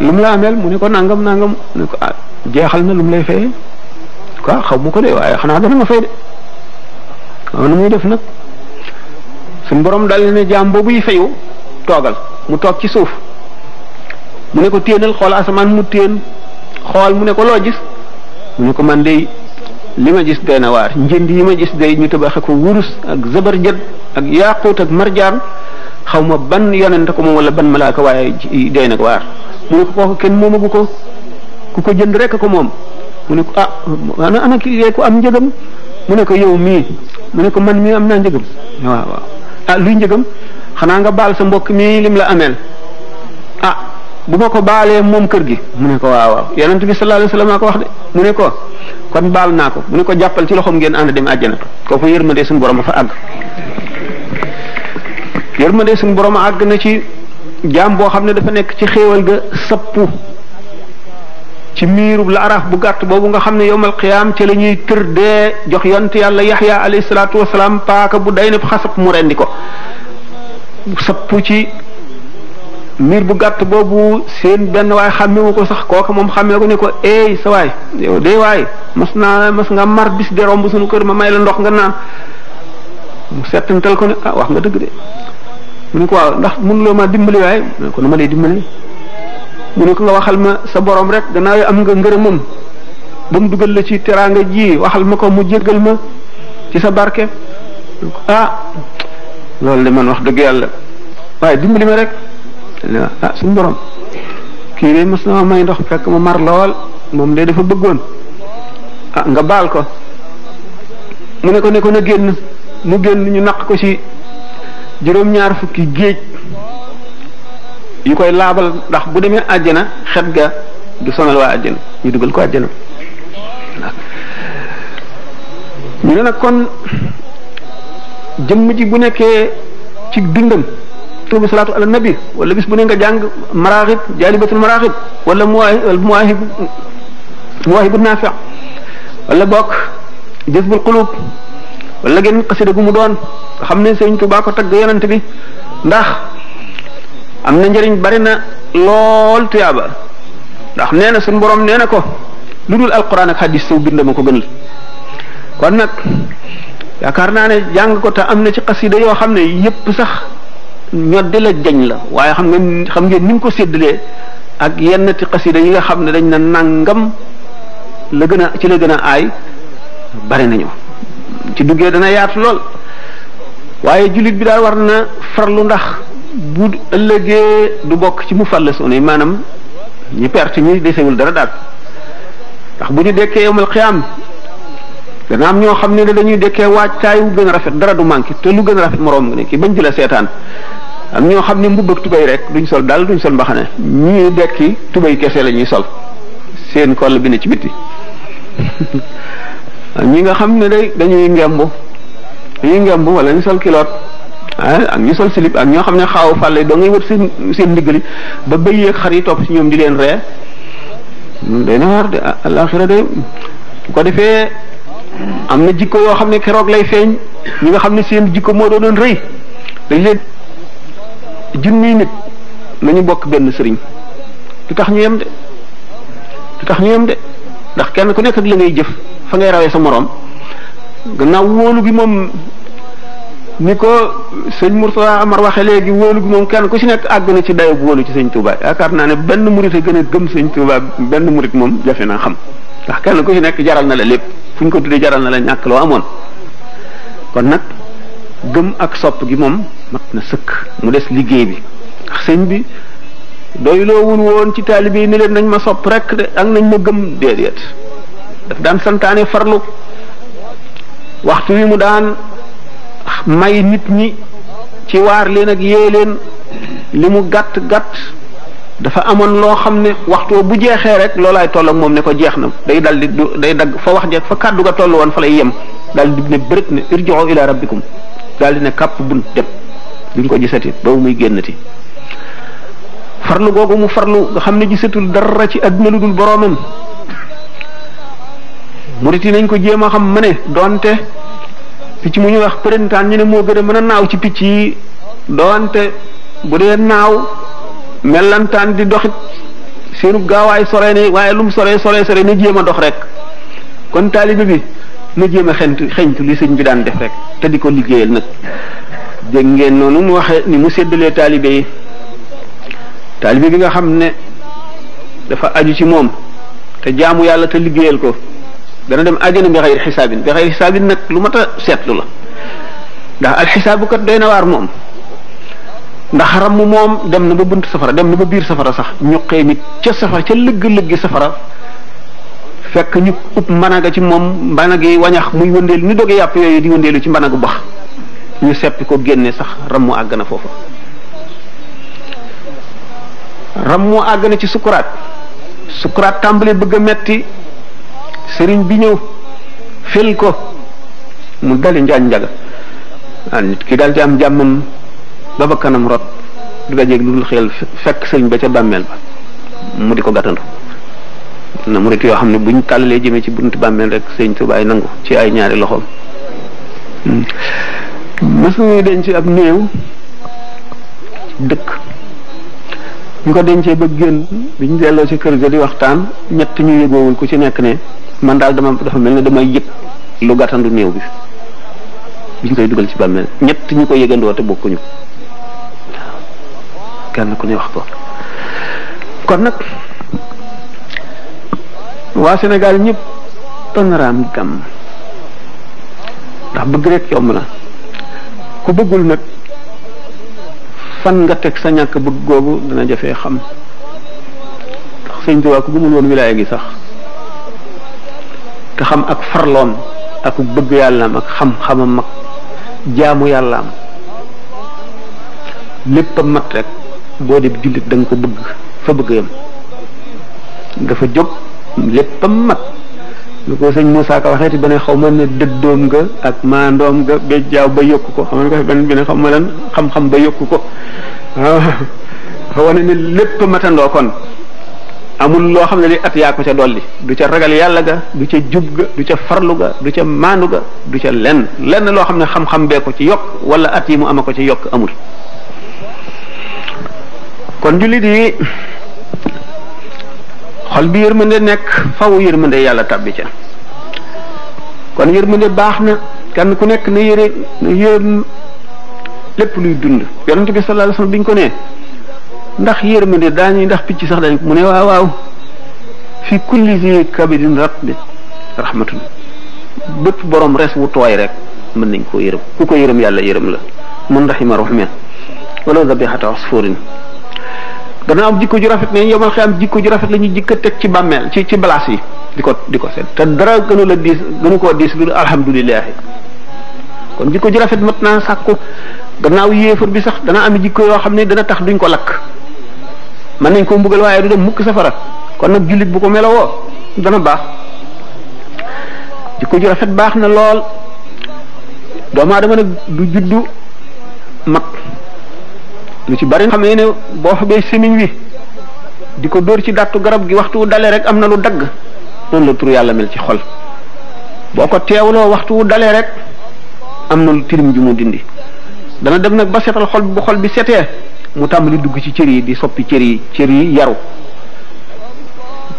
S1: lu mu la ameel mu ko nangam nangam mu ko ah jeexal na lu mu lay fayee quoi xaw mu ko de waaye xanaa dana ma fay de waaw nu muy def nag suñu boroom dal ne jaam boobu yi fayu toogal mu toog ci suuf mu ne ko téenal xoola asamaan mu téen xool mu ne ko loo gis mu ne ko man day li ma gis doy na waar njënd yi ma gis day ñu ko wurus ak zabarjad ak yaaquut ak xaw ma ban yonente ko moom wala ban malaaka waaye doy na ko waar mu ko kenn moomagu ko ku ko jënd rek ko moom mu ne ko ah ana ki ku am njëgam mu ne ko yow mii mu ne ko man mii am naa njëgam waaw waaw ah luy njëgam xanaa nga baal sa mbokk mii lim la ameel ah, bu ma ko baalee moom kër gi mu ne ko waaw waaw yonent bi sallallahu alayhi wasallam maa ko wax de mu ne ko kon baal naa ko mu ne ko jàppal ci loxoom ngeen ànd dem àjjana kooku yërmande suñu borom a fa àgg yërmande suñu borom a àgg na ci jaam boo xam ne dafa nekk ci xewal ga sappu ci miirub la araf bu gàtt boobu nga xam ne yowmal qiyaam ca la ñuy tër dee jox yonent yàlla yaxya alayhi salaatu wasalaam paaka bu day ne xasab mu rendi ko sappu ci miir bu gàtt boobu seen benn waay xàmmewu ko sax kooku moom xàmmee ko ne ko eey sa waay yow de waay mas naa mas nga mar bis de romb suñu kër ma may la ndox nga naan mu settantal ko ne ah wax nga dëgg de mu ne ko waaw ndax mënuloo ma dimbali ko nu ma lay dimbali mu ne ko nga waxal ma sa borom rek gannaaw yi am nga ngërëmam ba mu dugal la ci teraanga ji waxal ma ko mu jéggal ma ci sa barke ah loolu de man wax dëgg yàlla waaye dimbali ma rek ah suñu borom kii de mos na may ndox fekk ma mar lool moom de dafa bëggoon ah nga baal ko mu ne nekkoon ne ko na génn mu génn ñu naq ko ci juróom-ñaar fukki géej yu koy laabal ndax bu demee àjjana xet ga du sonal waa àjjana ñu dugal ko àjjana ñu ne nag kon jëmm ji bu nekkee ci dundam tuubi salaatu ala nabi wala bis bu ne wala muwaahib muwaahibu naafi wala bokk jazbul qulub wala genn xasida mu doon xam ne Sëriñ ko tagg yonent bi ndax am na njëriñ bari na lool tuyaaba ndax nee na suñu na ko dul alquran ak ko gënal kon nag yaakaar naa ne jàng ko te am na ci xasida yoo xam ne yépp sax ñoddi la jañ la waaye xam nga xam ngeen ni mu ko séddalee ak yenn ti xasida yi nga xam ne dañ na nangam la gën a ci la gën a aay bari nañu ci duggee dana yaat lool waaye jullit bi daal war na farlu ndax bu ëllëgee du bokk ci mu fàllasoon yi maanaam ñu perte ñi desewul dara daal ndax bu ñu dekkee yowmal xiyaam dana am ñoo xam ne dañuy dekkee waajtaay wu gën a rafet dara du manqué te lu gën a rafet moroom nga ne kii bañ ci la seetaan am ñoo xam ne mbubb ak tubéy rek duñ sol dal duñ sol mbaxane ñii dekki tubéy kese la ñuy sol seen kol bi ne ci bitti *laughs* ñi nga xam ne day dañuy ngemb dañuy ngemb wala ñu sol kiloot ah, ak ñu sol silip ak ñoo xam ne xaaw fàlle doo ngay wër seen seen ndiggali ba bëy ak xar yi topp si ñoom di leen ree day na war de alaxira ah, day bu ko defee am na jikko yoo xam ne keroog lay feeñ ñi nga xam ne seen jikko moo doonoon rëy dañ leen junni nit nañu bokk benn sëriñ du tax ñu yem de du tax ñu yem de ndax kenn ku nekk ak la ngay jëf fa ngay rawee sa moroom gannaaw wóolu gi moom ni ko sëñ Mourtada Amar waxe léegi wóolu gi moom kenn ku si nekk àgg na ci dayo bu wóolu ci sëñ Touba yaakaar naa ne benn murit a gën a gëm sëñ Touba benn murit moom jafe naa xam ndax kenn ku ci nekk jaral na la lépp fu ñu ko tuddee jaral na la ñàkk loo amoon kon nag gëm ak sopp gi moom mat na sëkk mu des liggéey bi sëñ bi doyloowul woon ci taalibe yi ni leen nañ ma sopp rek de ak nañ ma gëm déedéet daf daan santaane farlu waxtu wi mu daan may nit ñi ci waar leen ak yee leen li mu gàtt gàtt dafa amoon loo xam ne waxtoo bu jeexee rek loolaay toll ak moom ne ko jeex na day dal du day dagg fa wax jeeg fa kàddu ga toll woon fa lay yem daal di ne bërët ne irji'u ila rabbikum daal di ne kàpp bunt dem duñ ko gisati ba muy génnati farlu googu mu farlu xam ne gisatul dara ci àdduna lu dul boroomam ko jéem a xam ma ne donte picc mu ñu wax përintaan ñu ne moo gën a mën a naaw ci picc yi donte bu dee naaw mellantaan di doxit seenu gaawaay sore ne waaye lu mu sore sore sore na jéem a dox rek kon taalibe bi na jéem a xent xent li sëñ bi daan def rek te di ko liggéeyal nag dégg ngeen noonu mu waxe ni mu séddalee taalibe yi taalibe bi nga xam ne dafa aju ci moom te jaamu yàlla te liggéeyal ko dana dem àjjana bi xayri xisaabin bi nag lu mat a seetlu la ndax alxisaabu kat doy na waar moom ndax ramm moom dem na ba bunt safara dem na ba biir safara sax ñuqee nit ca safara ca lëgg-lëggi safara fekk ñu upp mbanaga ci moom mbanagi wañax muy wëndeelu ni doge yàpp yooyu di wëndeelu ci mbanagu bax ñu seppi ko génne sax rammu àgg na foofa rammu àgg na ci sukuraat sukuraat tàmbali bëgg a metti sëriñ bi ñëw fil ko mu dali njaañ njaga ki dal di am jàmmam ba ba kanam rot du dajeeg lu dul xel fekk sëriñ ba ca bàmmeel ba mu di ko gàttandu na murit yoo xam ne buñ tàllalee jëmee ci buntu bàmmeel rek sëriñ Tuubaa ay nangu ci ay ñaari loxoom mës hmm. nañu ab néew dëkk ñu dencee ba génn bi ñu delloo ci di waxtaan ñett ñu yëgoowul ku ci nekk ne man daal dama dafa mel ne damay yëg lu gàttandu néew bi biñ koy dugal ci bàmmeel ñett ñu ko yëgandoo te bokkuñu kenn ku ne wax ko kon nag waa Sénégal ñëpp panorama gàmm ndax bëgg rek yomb na ku bëggul nag fan nga teg sa ñàkk bëgg googu dina jafee xam ndax sëñ Tuubaa ku gëmul woon wilaaya gi sax te xam ak farloom ak bëgg yàllaam ak xam-xamam mag jaamu yàllaam lépp a mat rek boo dee jullit da ko bëgg fa bëgg yam dafa jóg léppam mag lu ko sëñ Moussa Ka waxeeti ba ne xaw ma ne dëddoom ga ak maandoom nga ba jaaw ba yokku ko xam ne ma lan xam-xam ba ko waaw ah, wane ne lépp matandoo kon amul loo xam ne li at yaa ko ca dolli du ca ragal yàlla ga du ca jub ga du ca farlu ga du ca maandu ga du ca lenn lenn loo xam ne xam-xam bee ko ci yokk wala at yi mu am ama ko ci yokk amul kon jullit yi xol bi yërmande nekk faw yërmande yàlla tabbi ca kon yërmande baax na kenn ku nekk na yëre na lépp luy dund yonent bi sallallahu biñ wasallam bi ñu ko nee ndax yërmande daañu ndax picc sax dañ mu ne waaw waaw fi kulli zi kabidin ratbin rahmatun bépp borom res wu tooy rek mën nañ koo yërëm ku ko yërëm yàlla yërëm la mun rahima rahman wala dabihata asfurin gannaaw am jikko ju rafet ne yomal xiyam jikko ju rafet la ñuy jikka teg ci bàmmeel ci ci balaas yi di ko di ko seet te dara gënu la diis gënu koo diis lu alhamdulilahi kon jikko ju rafet mat naa sàkku gannaaw yéefar bi sax dana am jikko yoo xam ne dana tax duñ ko lakk mën nañ ko mbugal waaye du dem mukk safara kon nag jullit bu ko melowoo dana baax jikko ju rafet baax na lool doomu aadama nag du juddu mag lu ci bari xam ne ne boo xamee semiñ wi di ko dóor ci dàttu garab gi waxtu wu dalee rek am na lu dagg noonu la tur yàlla mel ci xol boo ko teewloo waxtu wu dalee rek am na lu tirim ju mu dindi dana dem nag ba setal xol bu xol bi setee mu tàmbali dugg ci cër yi di soppi cër yi cër yi yaru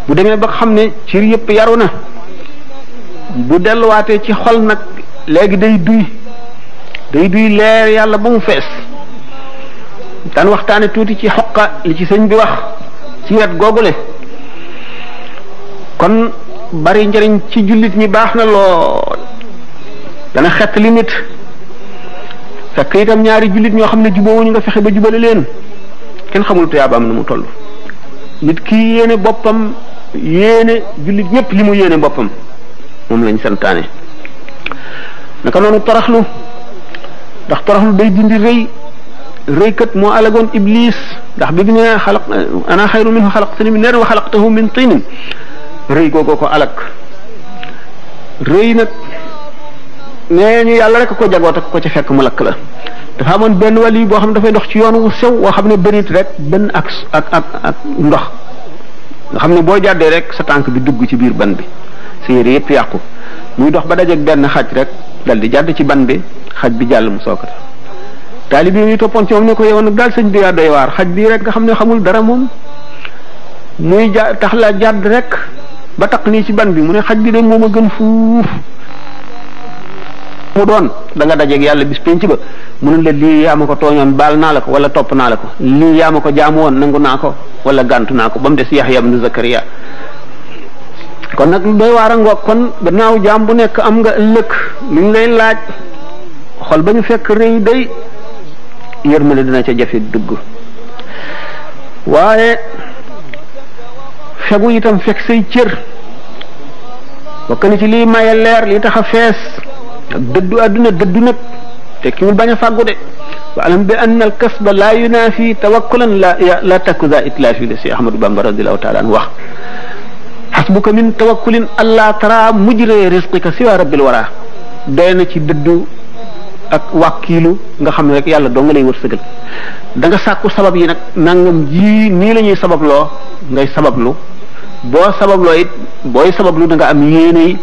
S1: bu demee ba xam ne cër yëpp yaru na bu delluwaatee ci xol nag léegi day duy day duy leer yàlla ba mu fees daan waxtaane tuuti ci xoqa li ci sëñ bi wax ci wet googule kon bari njëriñ ci jullit ñi baax na lool dana xet li nit fekk itam ñaari jullit ñoo xam ne jubóowuñu nga fexe ba jubale leen kenn xamul tuyaabaam na mu toll nit kii yéene boppam yéene jullit ñépp li mu yéene boppam moom lañ santaane naka noonu toroxlu ndax toroxlu day dindi rëy rëykat moo alagoon iblis ndax bi ne xalaq ana xayru minhu xalaqtani min nar wa xalaqtahu min tinin rëy googoo ko alag rëy nag nee ñu yàlla rek ko jagoote ko ci fekk mu lakk la dafa amoon benn wàll boo xam ne dafay ndox ci yoon wu sew woo xam ne bërit rek benn ak ak ndox nga xam ne boo jàddee rek sa tànk bi dugg ci biir ban bi sa yére yëpp yàqu muy dox ba dajeeg benn xaj rek dal di jàdd ci ban bi xaj bi jàll mu soo sookata taalib yooyu toppoon ci moom ne ko yow nag daal sëñ bi yaa doy waar xaj bii rek nga xam ne xamul dara moom muy ja tax la jàdd rek ba taq nii ci ban bi mu ne xaj bi de moom a gën fuuf mu doon da nga yàlla bis penc ba mu ne la lii yaa ko tooñoon baal naa la ko wala topp naa la ko lii yaa ko jaamu woon nangu naa ko wala gànt naa ko ba mu des Yaxya ibnu Zakariya kon nag doy waar a ngoog kon gannaaw jaam bu nekk am nga ëllëg luñ lay laaj xol ba ñu fekk rëy day yërmale dina ca jafe dugg waaye fegu itam fekk say cër bokk na ci lii maye leer li tax fees ak dëddu àdduna dëddu nag tekkiwul bañ a wa alam bi anna al kasba laa yunaafi tawakkulan la la takku za itlaafi la si ahmadou bamba radiallahu taala an wax xasbuka min tawakkulin allah tara mujree risqika siwa rabbil wara doy na ci dëddu ak wàkkiilu nga xam ne rek yàlla doo nga lay wërsëgal da nga sàkku sabab yi nag nangam ji nii lañuy ñuy sababloo ngay sabablu boo sababloo it booy sabablu da nga am yéeney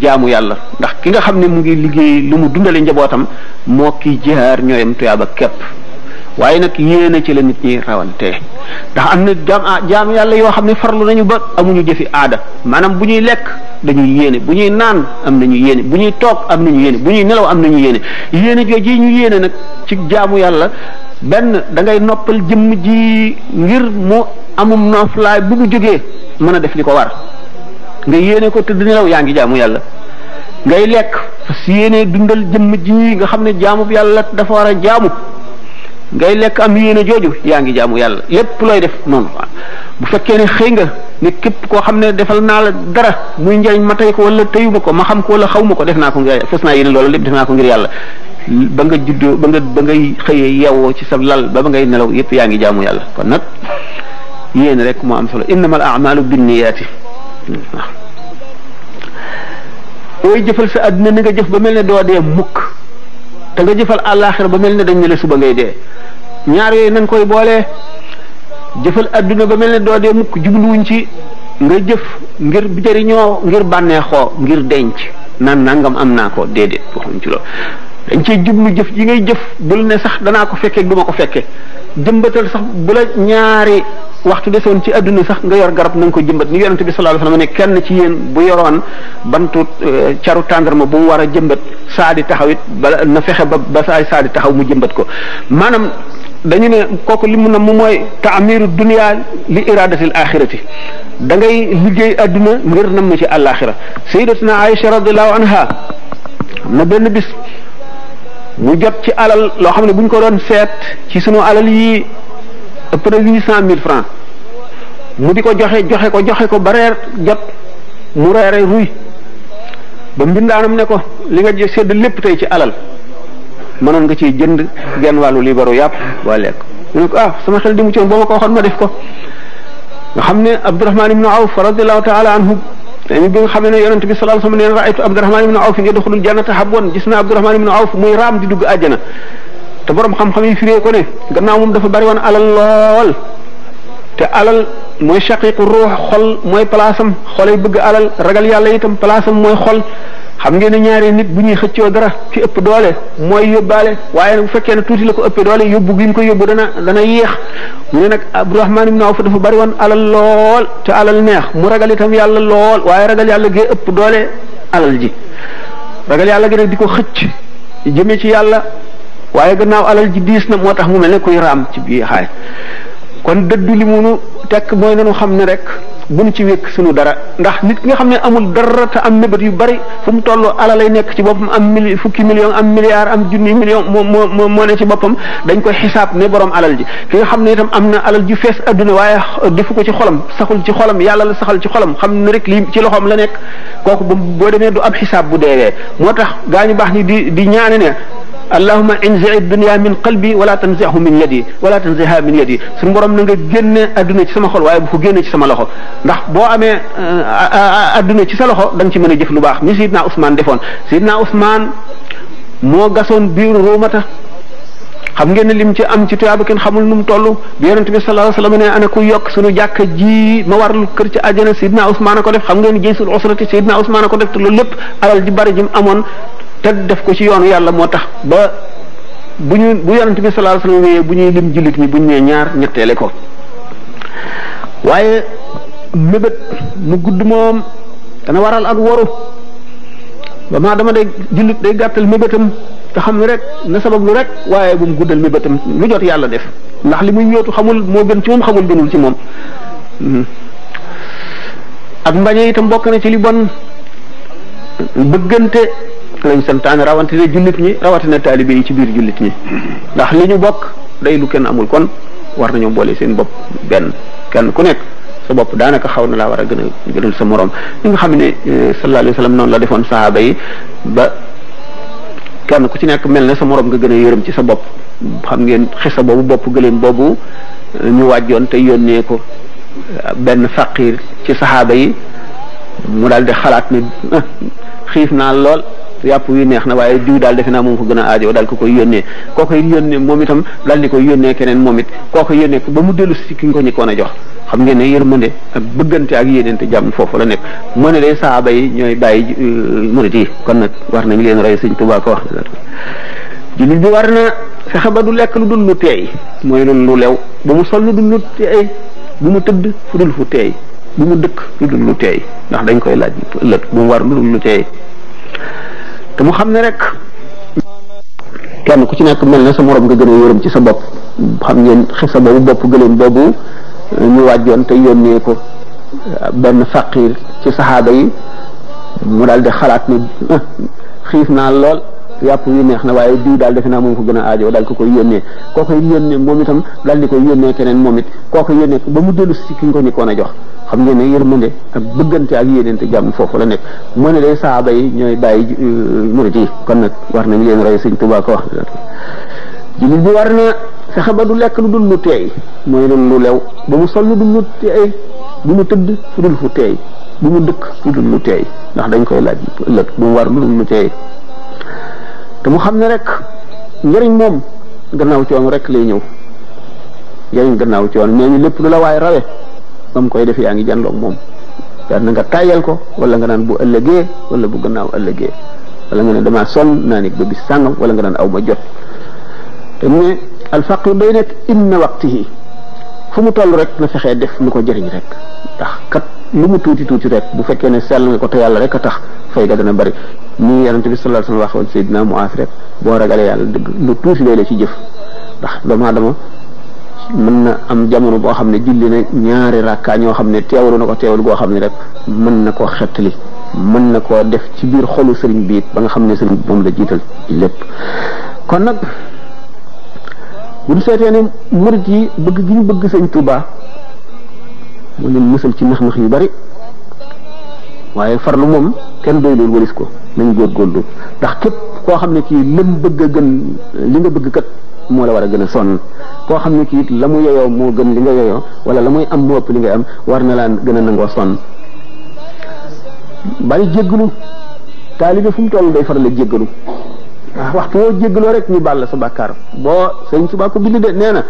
S1: jaamu yàlla ndax ki nga xam ne mu ngi liggéey lu mu dundale njabootam moo ki jihaar ñooyam tuyaaba képp waaye nag yéene ci la nit ñi rawante ndax am na jaam ah, jaam yàlla yoo xam ne farlu nañu ba amuñu jëfi aada maanaam bu ñuy lekk dañuy yéene bu ñuy naan am nañu yéene bu ñuy toog am nañu yéene bu ñuy nelaw am nañu yéene yéene jooju ñu yéene nag ci jaamu yàlla benn da ngay noppal jëmm ji ngir mu amum noflaay bu mu jógee mën a def li ko war nga yéene ko tëdd nelaw yaa ngi jaamu yàlla ngay lekk si yéene dundal jëmm ji nga xam ne jaamu yàlla dafa war a jaamu ngay lekk am yéene jooju yaa ngi jaamu yàlla lépp looy def noonu bu fekkee ne xëy nga ne képp koo xam ne defal naa la dara muy njëriñ ma tey ko wala teyuma ko ma xam ko wala xawma ko def naa ko ngir fas naa yéene loolu lépp def naa ko ngir yàlla ba nga juddoo ba nga ngay xëyee yeewoo ci sa lal ba ba ngay nelaw yépp yaa ngi jaamu yàlla kon nag yéen rek moo am solo innamal a'malu binniyaati booy jëfal sa àdduna ni nga jëf ba mel ne doo dee mukk te nga jëfal àllaaxira ba mel ne dañ ne ba ngay dee ñaar yooyu na koy boole jëfal adduna ba mel ne doo dee mukk jubluwuñ ci nga jëf ngir jëriñoo ngir bànneexoo ngir denc naan nangam am naa ko déedéet waxuñ ci loolu dañ cee jublu jëf yi ngay jëf bul ne sax danaa ko fekkee du ma ko fekkee jëmbatal sax bu la ñaari waxtu soon ci adduna sax nga yor garab na ko jëmbat ni yonente bi sallallahu alayhi wasallam ne kenn ci yéen bu yoroon bantu eh, caru tàndarma bu mu war a jëmbat saa di taxaw it na fexe ba ba saay saa di taxaw mu jëmbat ko maanaam dañu ne kooku li mu ne moom mooy taamiru dunia li iradatil axirati da ngay liggéey adduna ngir nam na ci àllaaxira sayyidatuna Aïcha radiyallahu anha na benn bis mu jot ci alal loo xam ne buñ ko doon seet ci sunu alal yi ëpp na huit mille francs mu di ko joxe joxe ko joxe ko ba reer jot mu reere ruy ba mbindaanam ne ko li nga sédd lépp tey ci alal mënoon nga ciy jënd genn wàllu libaru yàpp boo ah sama xel di mu coon boo ma ko ma def ko nga xam ne Abdurahman ibnu Awf radiallahu taala anhu dañu bi nga xam ne yonente bi sallallahu alayhi wa sallam neen raaytu Abdurahman ibnu Awf yadxulul gis naa Abdurahman ibnu Awf muy di dugg àjjana te borom xam-xam yi ko gannaaw moom dafa bari woon alal lool te alal mooy shaqiqu ruux xol mooy palaasam xolay bëgg alal ragal yàlla itam palaasam mooy xol xam ngeen ne ñaari nit bu ñuy xëccoo dara ci ëpp doole mooy yóbbaale waaye bu fekkee ne tuuti la ko ëppee doole yóbbu gi mu ko yóbbu dana dana yéex mu ne nag Abdurahmaan ibn Awf dafa bari woon alal lool te alal neex mu ragal itam yàlla lool waaye ragal yàlla gee ëpp doole alal ji ragal yàlla gi nag di ko xëcc jëmee ci yàlla waaye gannaaw alal ji diis na moo tax mu mel ne kuy raam ci biir xaay kon dëddu li nu tekk mooy nanu xam ne rek bu nu ci wékk sunu dara ndax nit ki nga xam ne amul dara te am mébét yu bari fu mu toll ala lay nekk ci boppam am mili fukki million am milliard am junni million moo moo moo ne ci boppam dañ koy xisaab ne borom alal ji ki nga xam ne itam am na alal ji fees adduna waaye defu ko ci xolam saxul ci xolam yàlla la saxal ci xolam xam ne rek lii ci loxoom la nekk kooku boo demee du am xisaab bu deewee moo tax gaa ñu baax ni di di ñaane ne allahuma inzi dunia min qalbi wala tanzihu min yadi wala tanziha min yadi suñu borom na nga génne adduna ci sama xol waaye bu ko génne ci sama loxo ndax boo amee euh, adduna ci sa loxo da ci mën a jëf lu baax ni Sidna Ousmane defoon Sidna Ousmane moo gasoon biiru Roomata xam ngeen ne lim ci am ci tuyaaba kenn xamul nu mu toll bi yonente bi sallallahu alayhi wasallam ne ana yokk suñu jàkk ji ma warlu kër ci àjjana Sidna Ousmane a ko def xam ngeen ne jaysul usrati Sidna Ousmane a ko def te loolu lépp alal amoon teg def ko ci yoonu yàlla moo tax ba bu ñu bu yonent bi sallallahu alayhi wasallam bu ñuy lim jullit ñi bu ñu nee ñaar ñetteele ko waaye mébét mu gudd moom dana waral ak waru ba maa dama day jullit day gàttal mébétam te xam ne rek na sabab rek waaye bu mu guddal mébétam lu jot yàlla def ndax li muy yóotu xamul moo gën ci moom xamul gënul ci moom hmm. ak mbañe itam bokk na ci li bon bëggante lañ santaan rawatina jullit ñi rawatina taalibe yi ci biir jullit ñi ndax li ñu bokk day lu kenn amul kon war nañoo boole seen bopp benn kenn ku nekk sa bopp daanaka xaw na laa war a gën a gënal sa morom li nga xam ne eh, sallallahu alayhi wa sallam noonu defoon sahaaba yi ba kenn ku ci nekk mel ne sa morom nga gën a yërëm ci sa bopp xam ngeen xisa boobu bopp gëléem boobu eh, ñu wàjjoon te yónnee ko eh, benn faqir ci sahaaba yi mu daal di xalaat ne xiif naa lool yàpp wi neex na waaye diw daal defe naa moom ko gën a aajo daal ko koy yónnee koo koy yónnee moom itam daal di koy yónnee keneen moom it koo koy yónnee ba mu dellu si ki nga ko ñëkkoon a jox xam ngeen ne ak bëggante ak yéeneente jàmm foofu la nekk mu ne day saaba yi ñooy bàyyi euh, murit yi kon nag war nañ leen roy sëñ Tuubaa ko wax jullit war fexe ba du lekk lu dul lu teey mooy lu lu lew mu sol lu dul lu bu mu tëdd fu fu teey bu mu dëkk lu dul lu teey ndax dañ koy laaj ëllëg bu mu war lu dul lu teey te mu xam ne rek kenn ku ci nekk mel na sa morom nga gën a yërëm ci sa bopp xam ngeen xisa sa bopp gëléem boobu eh, ñu wàjjoon te yónnee ko eh, benn faqir ci saxaaba yi mu daal di xalaat ne eh, xiif naa lool yàpp yu neex na waaye diw daal defe naa moom ko gën a aajo daal ko koy yónnee koo koy yónnee moom itam daal di koy yónnee keneen moom it koo koy yónnee ba mu dellu si ki nga ko nikoon a jox xam ngeen ne yërmande ak bëggante ak yeneen yéeneente jàmm foofu la nekk mu ne day saaba yi ñooy bàyyi euh, mu yi kon nag war nañ leen roy sëñ Tuubaa ko jullit bi war na fexe ba du lekk lu dul lu teey mooy lu lu lew ba mu sol lu dul lu teey bu mu tëdd fu dul fu teey bu mu dëkk lu dul lu teey ndax dañ koy laaj ëllëg bu mu war lu dul lu teey te mu xam ne rek njëriñ moom gannaaw coon rek lay ñëw njëriñ gannaaw coon mais ñu lépp lu la waaye rawe ba mu koy def yaa ngi jàndoog moom daal na nga tàyyal ko wala nga naan bu ëllëgee wala bu gannaaw ëllëgee wala nga ne damaa sol naa nekk ba bis sàngam wala nga naan aw ma jot te mu ne alfaqru day nekk inna waqtihi fu mu toll rek na fexee def lu ko jëriñ rek ndax kat lu mu tuuti tuuti rek bu fekkee ne sell nga ko te yàlla rek a tax fay ga dana bari nii yonente bi sallallahu alayhi wa sallam waxoon Seydina Muaaz rek boo ragalee yàlla dëgg lu tuuti lay la ci jëf ndax doomu mën na am jamono boo xam ne julli na ñaari rakka ñoo xam ne teewlu na ko teewlu goo xam ne rek mën na koo xettali mën na ko def ci biir xolu sëriñ bi ba nga xam ne sëriñ bi moom la jiital lépp kon nag bu ñu seetee ne murit yi bëgg gi bëgg sëñ Tuubaa mu leen mësal ci nax-nax yu bari waaye far farlu moom kenn doy loolu walis ko nañ góorgóorlu ndax képp koo xam ne kii lim bëgg a gën li nga bëgg kat moo la war a gën a son koo xam ne kii la mu yoyoo moo gën li nga yoyoo wala la muy am moo ëpp li ngay am war na laa gën a nangoo sonn bari jéggalu taalibe fu mu toll day faral di jéggalu waaw waxtu woo rek ñu baal sa bàkkaar boo sëñ Tuubaa ko bind de nee na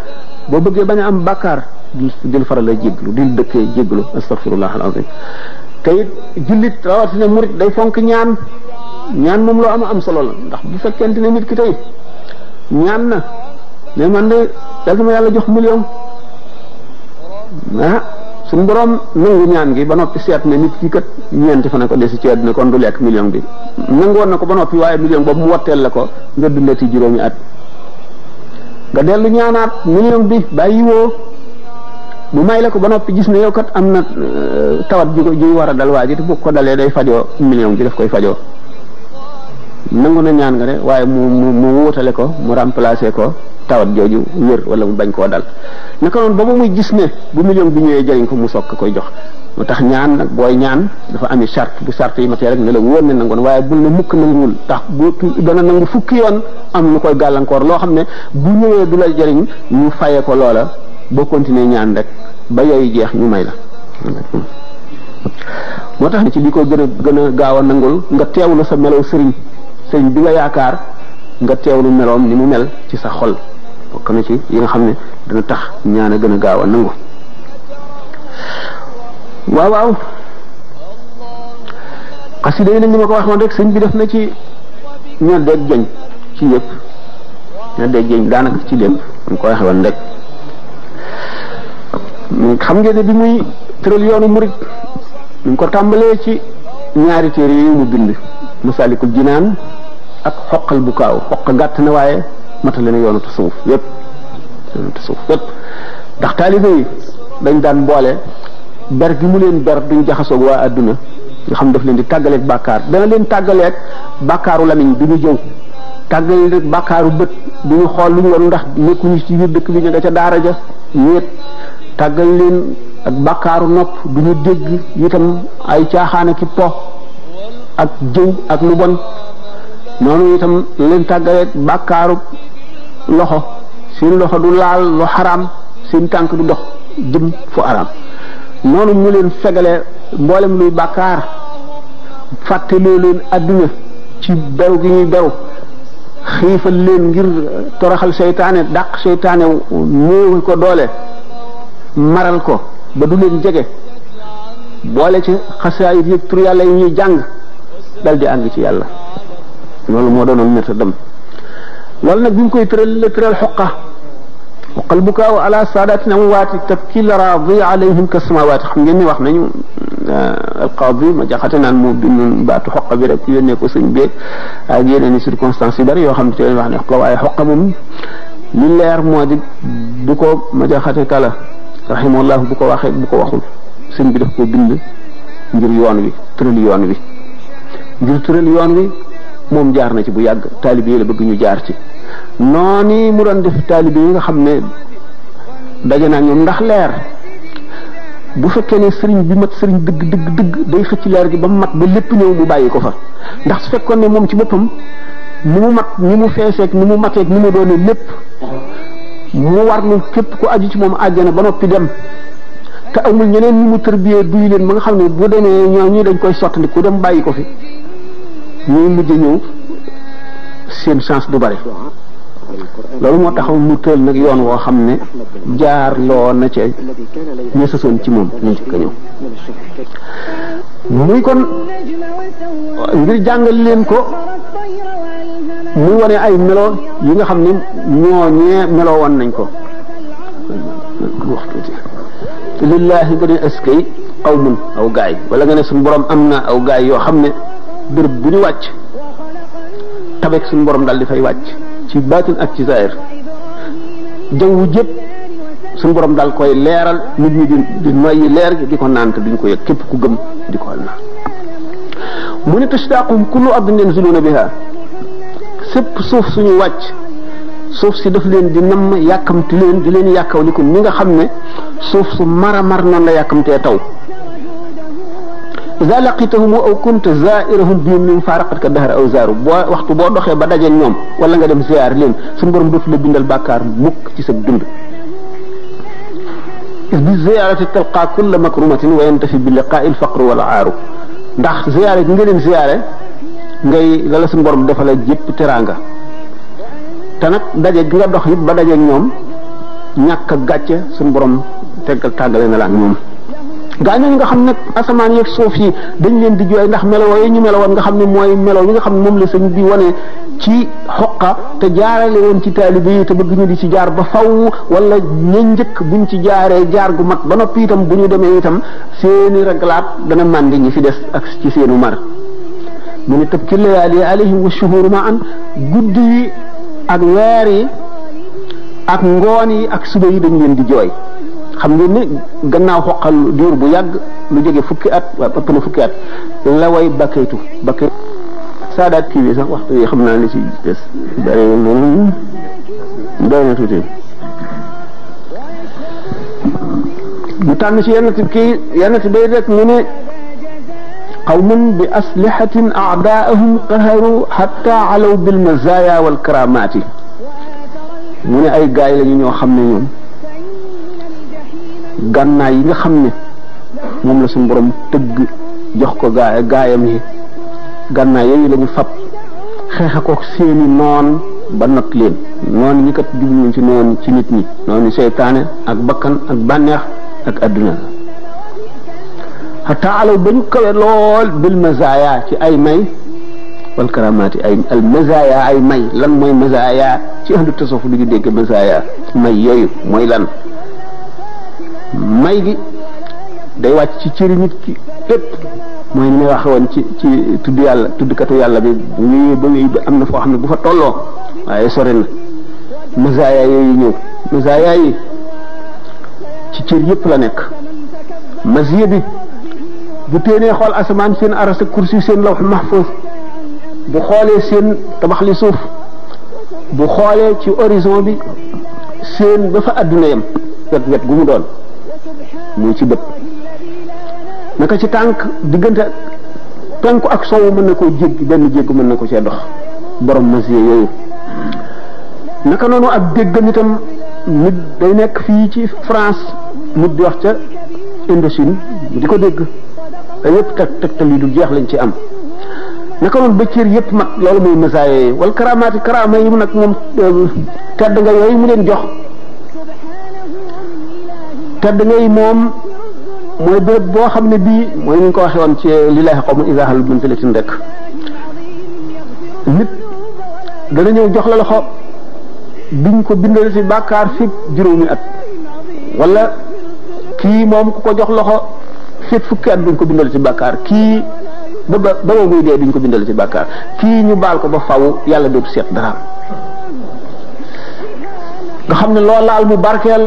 S1: boo bëggee bañ am bàkkaar dil faral di jéggalu dil dëkkee jéggalu astaghfirullah alazim te it day fonk ñaan ñaan moom loo am am solo la ndax bu fekkent ne nit ki tey ñaan na ne man de yàlla ma yàlla jox million ah suñu nangu ñaan gi ba noppi seet ne nit ki kat ñeenti fa ne ko desi ci àdduna kon du lekk million bi nangu woon na ko ba noppi waaye million boobu mu wotteel ko nga dundee ci juróomi at nga dellu ñaanaat million bi bàyyi woo mu may ko ba noppi gis ne yow kat am na euh, tawat ju ko juy war a dal waa ji te bu ko dalee day fajoo million bi def koy fajoo nangu na ñaan nga de waaye mu mu mu ko mu remplacer ko tawat jooju wér wala mu bañ koo dal naka noonu ba ba muy gis ne bu million bu ñëwee jariñ ko mu soog ko koy jox moo tax ñaan nag booy ñaan dafa ami chart bu charte yi matee rek ne la wóor ne nangoon waaye bul ne mukk nanguwul tax bu dana nangu fukki yoon am lu koy gàllankoor loo xam ne bu ñëwee du la jariñ ñu faye ko loola boo continuer ñaan rek ba yooyu jeex ñu may la moo tax ci li ko gën a gën a gaaw a nangul nga teewu teewlu sa melow sëriñ sëriñ bi nga yaakaar nga teewlu meloom ni mu mel ci sa xol kon na ci yi nga xam ne dana tax ñaan a gën a gaaw a nangu waaw waaw xasida yi nag ni ma ko waxoon rek suñ bi def na ci ñoo dégg joñ ci yëpp ñoo dégg joñ daanaka ci lépp mu ko waxe woon rek xam ngeen ne bi muy tëral yoonu murit mu ngi ko tàmbalee ci ñaari téere yi mu bind masalikul jinaan ak xoqal bu kaaw xoq gàtt na waaye matale na yoonu tasawuf yépp yoonu tasawuf yépp ndax taalibe dañ daan boole ber gi mu leen ber duñ jaxasoog waa àdduna nga xam daf leen di tàggaleeg bàkkaar dana leen tàggaleeg bàkkaaru lamiñ du ñu jëw tàggaleeg bàkkaaru bët du ñu xool lu ñu waru ndax nekkuñu ci biir dëkk bi ñu nga ca daara ja ñeet tàggal leen ak bàkkaaru nopp du ñu dégg itam ay caaxaana ki po ak jëw ak lu bon noonu itam leen tàggaleeg bàkkaaru loxo seen loxo du laal lu xaraam seen tànk du ndox jëm fu araam noonu ñu leen fegale mboolem luy bàkkaar fàttaloo leen àdduna ci bew gi ñuy bew xiifal leen ngir toroxal seytaane dàq seytaane néewal ko doole maral ko ba du leen jege boole ci xasaayit yëg tur yàlla yi ñuy jàng dal di àgg ci yàlla loolu moo doonoon métadam loolu nag bi mu koy tëral la tëral xoqa xoqal bukaaw ala saadatin amwaati tabki laraadi alayhim ka samawaati xam ngeen ni wax nañu euh, alqaadi ma jaxate naan moo bindoon baatu xoqa bi rek yónnee ko sëñ beeg ak yeneen i circonstances yu bari yoo xam ne te wax ne xoqa waaye xoqa moom li leer moo di du ko ma jaxate kala rahimahullah bu ko bu ko waxul sëñ bi daf ko bind ngir yoon wi tëral yoon wi ngir tëral yoon wi moom jaar na ci bu yàgg taalibe yi la bëgg ñu jaar ci noonu mu doon def taalibe yi nga xam ne daje naa ñoom ndax leer bu fekkee ne sëriñ bi mat sëriñ dëgg dëgg dëgg day xëcc leer gi ba mu mat ba lépp ñëw mu bàyyi ko fa ndax su fekkoon ne moom ci boppam ni mu mat ni mu feeseek ni mu mateek ni mu doone lépp mu war lu képp ku aju ci moom àjjana ba noppi dem te amul ñeneen ñu mu tërbiyee duy leen ba nga xam ne bu demee ñoo ñi dañ koy sottandi ku dem bàyyi ko fi ñuy mujj ñëw seen chance du bari loolu moo taxaw mu tël nag yoon woo xam ne jaar loo na ca ña ci moom ñu njëkk a ñëw muy kon ngir jàngal leen ko mu wane ay melo yi nga xam ne ñooñee meloo woon nañ ko lillaahi nga ne askay aw mun aw gaay wala nga ne suñu borom am na aw gaay yoo xam ne béréb bu ñu wàcc tabeek suñu borom daal di fay wàcc ci baatin ak ci zaahir jawwu jëpp suñu borom daal koy leeral nit ñi di di noyyi leer gi di ko naan te duñ ko yëg képp ku gëm di ko naan mu ne tashtaaqum kullu ardin yanziluna biha sépp suuf suñu wàcc suuf si daf leen di namm yàkkamti leen di leen yàkkaw li ko ni nga xam ne suuf su mar a mar noonu la yàkkamtee taw ida laqitahum aw kunta zairahum bi min faaraqatka dahar aw zaaru boo waxtu boo doxee ba dajee ñoom wala nga dem ziar leen suñu borom dootu la bindal bàkkaar mukk ci sa dund is bi ziarati talqa kulla makrumatin wa yantafi bi liqaai alfaqr wal aaru ndax ziare gi leen ziare ngay la la suñu borom defala jëpp teraanga te nag daje gi nga dox it ba daje ñoom ñàkk a gàcce suñu borom teggal tàggale na la ak gaa ñu nga xam ne asamaan yeeg suuf yi dañ leen di jooy ndax melowoo yi ñu melowoon nga xam ne mooy melow yi nga xam ne moom la sëñ bi wane ci xoqa te jaarale woon ci taalibe yi te bëgg ñu di ci jaar ba faw wala ña njëkk buñ ci jaaree jaar gu mat ba noppi itam bu ñu demee itam seeni raglaat dana màndi ñi fi des ak ci seenu mar mu ne tëb ci layaali alayhim wa shuhuru ma yi ak weer yi ak ngoon yi ak suba yi dañ leen di jooy xam ngeen ni gannaaw xoqal diir bu yàgg lu jege fukki at waaye ëpp na fukki at la way bakkaytu bakkay saadaat kii bi sax waxtu yi xam naa li ci des bëri noonu doy na tuuti mu tànn ci yenn kii yenn bay rek mu ne qawmun bi aslihatin aadaahum qaharu hatta alaw bil mazaaya wal karaamaati mu ne ay gaay lañu ñoo xam ne ñoom gànnaay yi nga xam ne moom la suñu borom tëgg jox ko gaay gaayam yi gànnaay yooyu la fab xeex ko seeni noon ba not leen noonu ñi ci noonu ci nit ñi noonu seytaane ak bakkan ak bànneex ak adduna xataa alaw ba ñu kawe lool bil mazaaya ci ay may wal karamaati ay al ay may lan mooy mazaaya ci andu tasawuf du ñu dégg mazaaya may yooyu mooy lan may gi day wàcc ci cëri nit ki lépp mooy ni may waxe ci ci tudd yàlla tuddkatu yàlla bi bu wéyee ba wéy ba am na foo xam ne bu fa tolloo waaye sore na masaaya yooyu ñëw masaaya la nekk masiya bi bu téenee xool asamaan seen aras ak kursi seen lawx mahfuz bu xoolee seen tabax li suuf bu xoolee ci horizon bi seen ba fa àdduna yam wet wet gu mu doon muy ci bët naka ci tànk diggante penku ak sowu mën na koo jéggi benn jéggu mën na ko cee dox borom masiye yooyu naka noonu ak déggam itam nit day nekk fii ci France nit di wax ca Indochine di ko dégg te yëpp teg tegtal yi du jeex lañ ci am naka noonu ba cër yëpp mag loolu mooy masaa yooyu wala karaamaati karaama yi mu nag moom euh, tedd nga yooyu mu leen jox tedd ngay moom mooy béréb boo xam ne bii mooy ni ko waxee woon ci li lay xaw ma isaaxal buñ filetin rek nit dana ñëw jox la loxo biñ ko bindal si bàkkaar fi juróomi at wala kii moom ku ko jox loxo féet fukki at duñ ko bindal si bàkkaar kii ba ba ba muy dee duñ ko bindal ci bàkkaar kii ñu baal ko ba faw yàlla dootu seet dara nga xam ne loo laal mu barkeel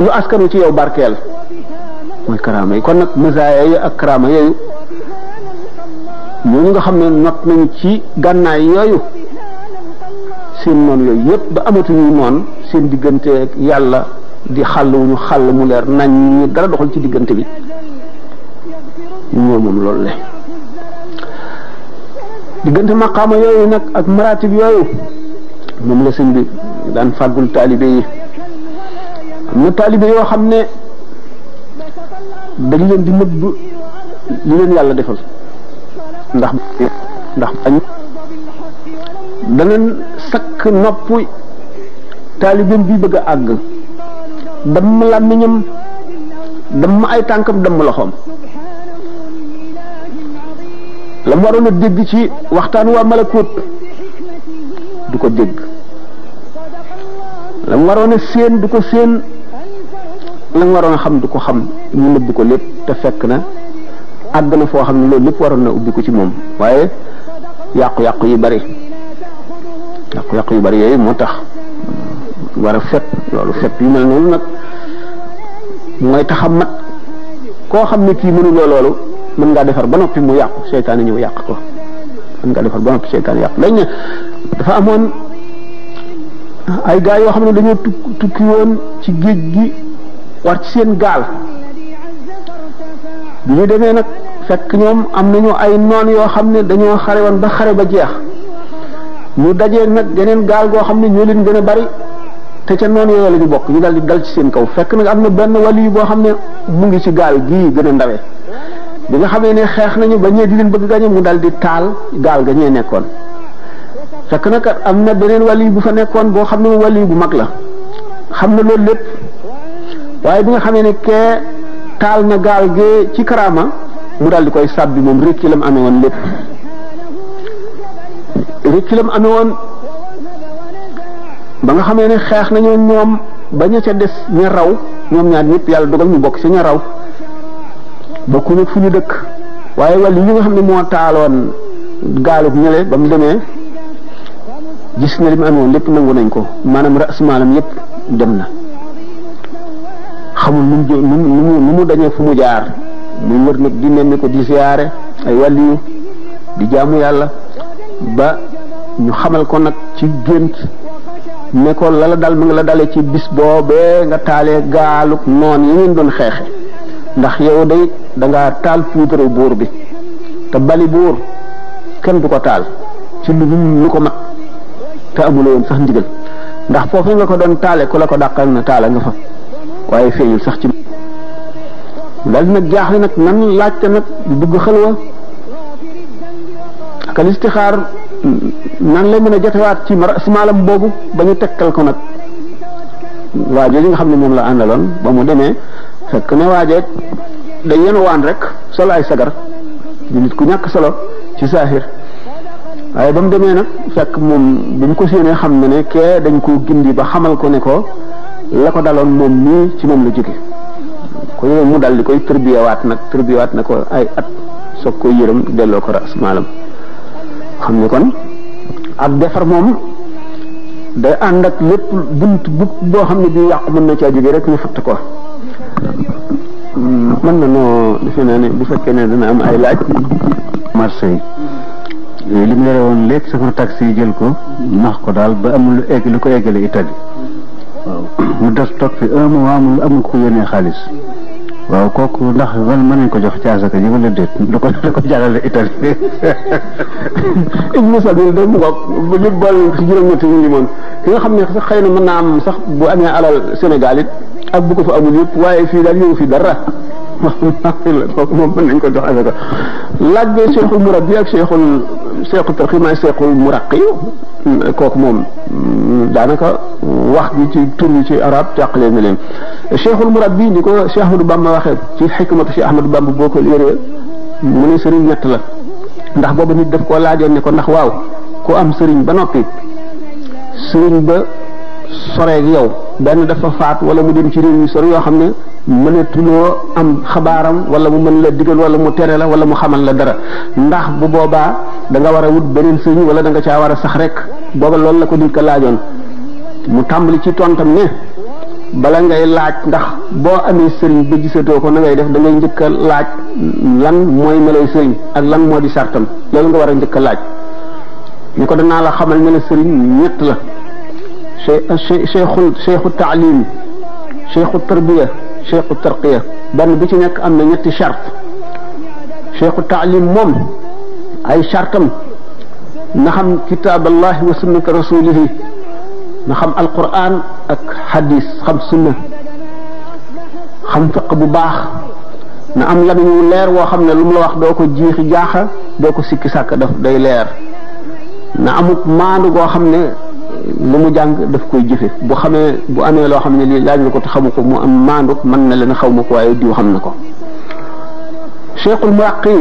S1: lu wi ci yow barkeel mooy karaama yi kon nag masaaya yi ak karaama yooyu nga xam ne not nañ ci gànnaay yooyu seen noon ba amatuñu noon seen digganteeg yàlla di xàll wu mu leer nañ dara doxal ci diggante bi ñoo moom loolu nag ak maratib yooyu moom la sëñ bi daan fàggul taalibe yi na taalibe yoo xam ne dañ leen di nëbb li leen yàlla defal ndax ndax bañ danañ sakk nopp taalibeem bi bëgg a àgg damm làmmiñam damm ay tànkam damm loxoom la mu waroon dégg ci waxtaan waa malakoot du ko dégg la mu waroon séen du ko séen la nga waroon a xam du ko xam mu nëbb ko lépp te fekk na àgg na foo xam ne loolu lépp waroon na ubbi ko ci moom waaye yàqu-yàqu yu bari yàqu-yàqu yu bari yooyu moo tax war a fet loolu fet yu mel noonu nag mooy tax a mat koo xam ne kii mënuloo loolu mën ngaa defar ba noppi mu yàqu seytaane ñëw yàq ko mën ngaa defar ba noppi seytaane yàqu dañ ne dafa amoon ay gaa yoo xam ne dañoo tukki woon ci géej gi war ci seen gaal bi ñu demee nag fekk ñoom am nañu ay noon yoo xam ne dañoo xare woon ba xare ba jeex mu dajee nag geneen gaal goo xam ne ñoo leen gën a bari te ca noon yooyu la ñu bokk ñu dal di dal ci seen kaw fekk nag am na benn waliyu boo xam ne mu ngi ci gaal gii gën a ndawe bi nga xamee ne xeex nañu ba di leen bëgg gañe mu dal di taal gaal ga ñee nekkoon fekk am na beneen waliyu bu fa nekkoon boo xam ne waliyu bu mag la xam na loolu lépp waaye bi nga xamee ne kee taal na gaal gee ci karaama mu daal di koy sàbbi moom récci lam amee woon lépp récci lam woon ba nga xamee ne xeex nañu ñoom ba ña ca des ña raw ñoom ñaar ñëpp yàlla dogal ñu bokk ci ña raw bokku nag fu ñu dëkk waaye wàll li nga xam ne moo taaloon gaalub ñële ba mu demee gis na li mu amee lépp nangu nañ ko maanaam rasmaalam yëpp dem na xamul nu mu nu mu nu mu dañee fu mu jaar muy wër nag di nemmi ko di siyaare ay wàlliyu di jaamu yàlla ba ñu xamal ko nag ci gént ne ko la dal mu ngi la dalee ci bis boobee nga taalee gaaluk noon yi ngeen doon xeexe ndax yow day da ngaa taal puudaru buur bi te bali buur kenn du ko taal ci lu ko mag te amuloo woon sax ndigal ndax foofu nga ko doon taale ku la ko dàqal na taala nga fa waaye feeñul sax ci daal di nag jaaxle nag nan laajte nag dugg xalwa ak nan la mën a jotewaat ci si maalam boobu ba ñu tekkal ko nag waa jooju nga xam ne moom la àndaloon ba mu demee fekk ne waajeeg day yenu waan rek solo ay sagar di nit ku ñàkk solo ci saaxir waaye ba mu demee nag fekk moom bi mu ko séenee xam ne ne kee dañ koo gindi ba xamal ko ne ko la ko daloon moom mii ci moom la jóge ko yooyu mu dal di koy tërbiyawaat nag tërbiyawaat na ko ay at soog koy yërëm delloo ko ras maalam xam ne kon ak defar moom day ànd ak lépp bunt bu boo xam ne bi yàqu mën na caa jóge rek ñu fatt ko mën na noo defe naa ne bu fekkee ne dana am ay laaj
S2: marché yi li mu yore
S1: woon léegi safar taxi yi jël ko nax ko daal ba amul lu egg lu ko eggale Italie mu des toog fi un mois mu amul ko yónnee xaalis waaw kooku ndax man mën nañ ko jox ci asaka ji wala déet da ko da ko jàllale Itali *laughs* ibnu sabil da mu ngoog bu nit bool ci juróom-ñetti ñu ki nga xam ne sax xëy na mën naa sax bu amee alal senegalit ak bu ko fa amul yëpp waaye fii daal yëngu fi dara kooku moom mën nañ ko jox asaka laaj bi cheikhul murabbi ak cheikhul cheikhu tarqi maay cheikhul muraqi kooku moom daanaka wax bi ci tur bi ci arab jàqalee na leen cheikhul murabbi ni ko Cheikh Ahmadou Bamba waxee ci xikmatu Cheikh Ahmadou Bamba boo ko yéree mu ne sëriñ ñett la ndax boobu nit daf koo laajoon ne ko ndax waaw ku am sëriñ ba noppi sëriñ ba soreeg yow benn dafa faat wala mu dem ci réew yu sori yoo xam ne mënatuloo am xabaaram wala mu mën la digal wala mu tere la wala mu xamal la dara ndax bu boobaa danga war a wut beneen sëriñ wala da nga caa war a sax rek booba loolu la ko nit ko laajoon mu tàmbali ci tontam ne bala ngay laaj ndax boo amee sëriñ ba gisatoo ko na ngay def dangay ngay njëkk a laaj lan mooy melooy sëriñ ak lan moo di sartam loolu nga war a njëkk laaj ni ko danaa la xamal ne la sëriñ ñett la cheikh cheikhul cheikhu taalim cheikhu tarbiya cheikhu tarqiya benn bi ci nekk am na ñetti charte cheikhu taalim moom ay chartam na xam kitaaballahi wa sunnata rasulihi na xam alquran ak hadis xam sunna xam fiq bu baax na am lamiñ leer woo xam ne lu mu la wax doo ko jiixi jaaxa doo ko sikki sàkk daf day leer na amut maandu goo xam ne lu mu jàng daf koy jëfe bu xamee bu amee loo xam ne lii laaj na ko te xamu ko mu am maandu man na leen xaw ma ko waaye diw xam na ko cheikhul muraqi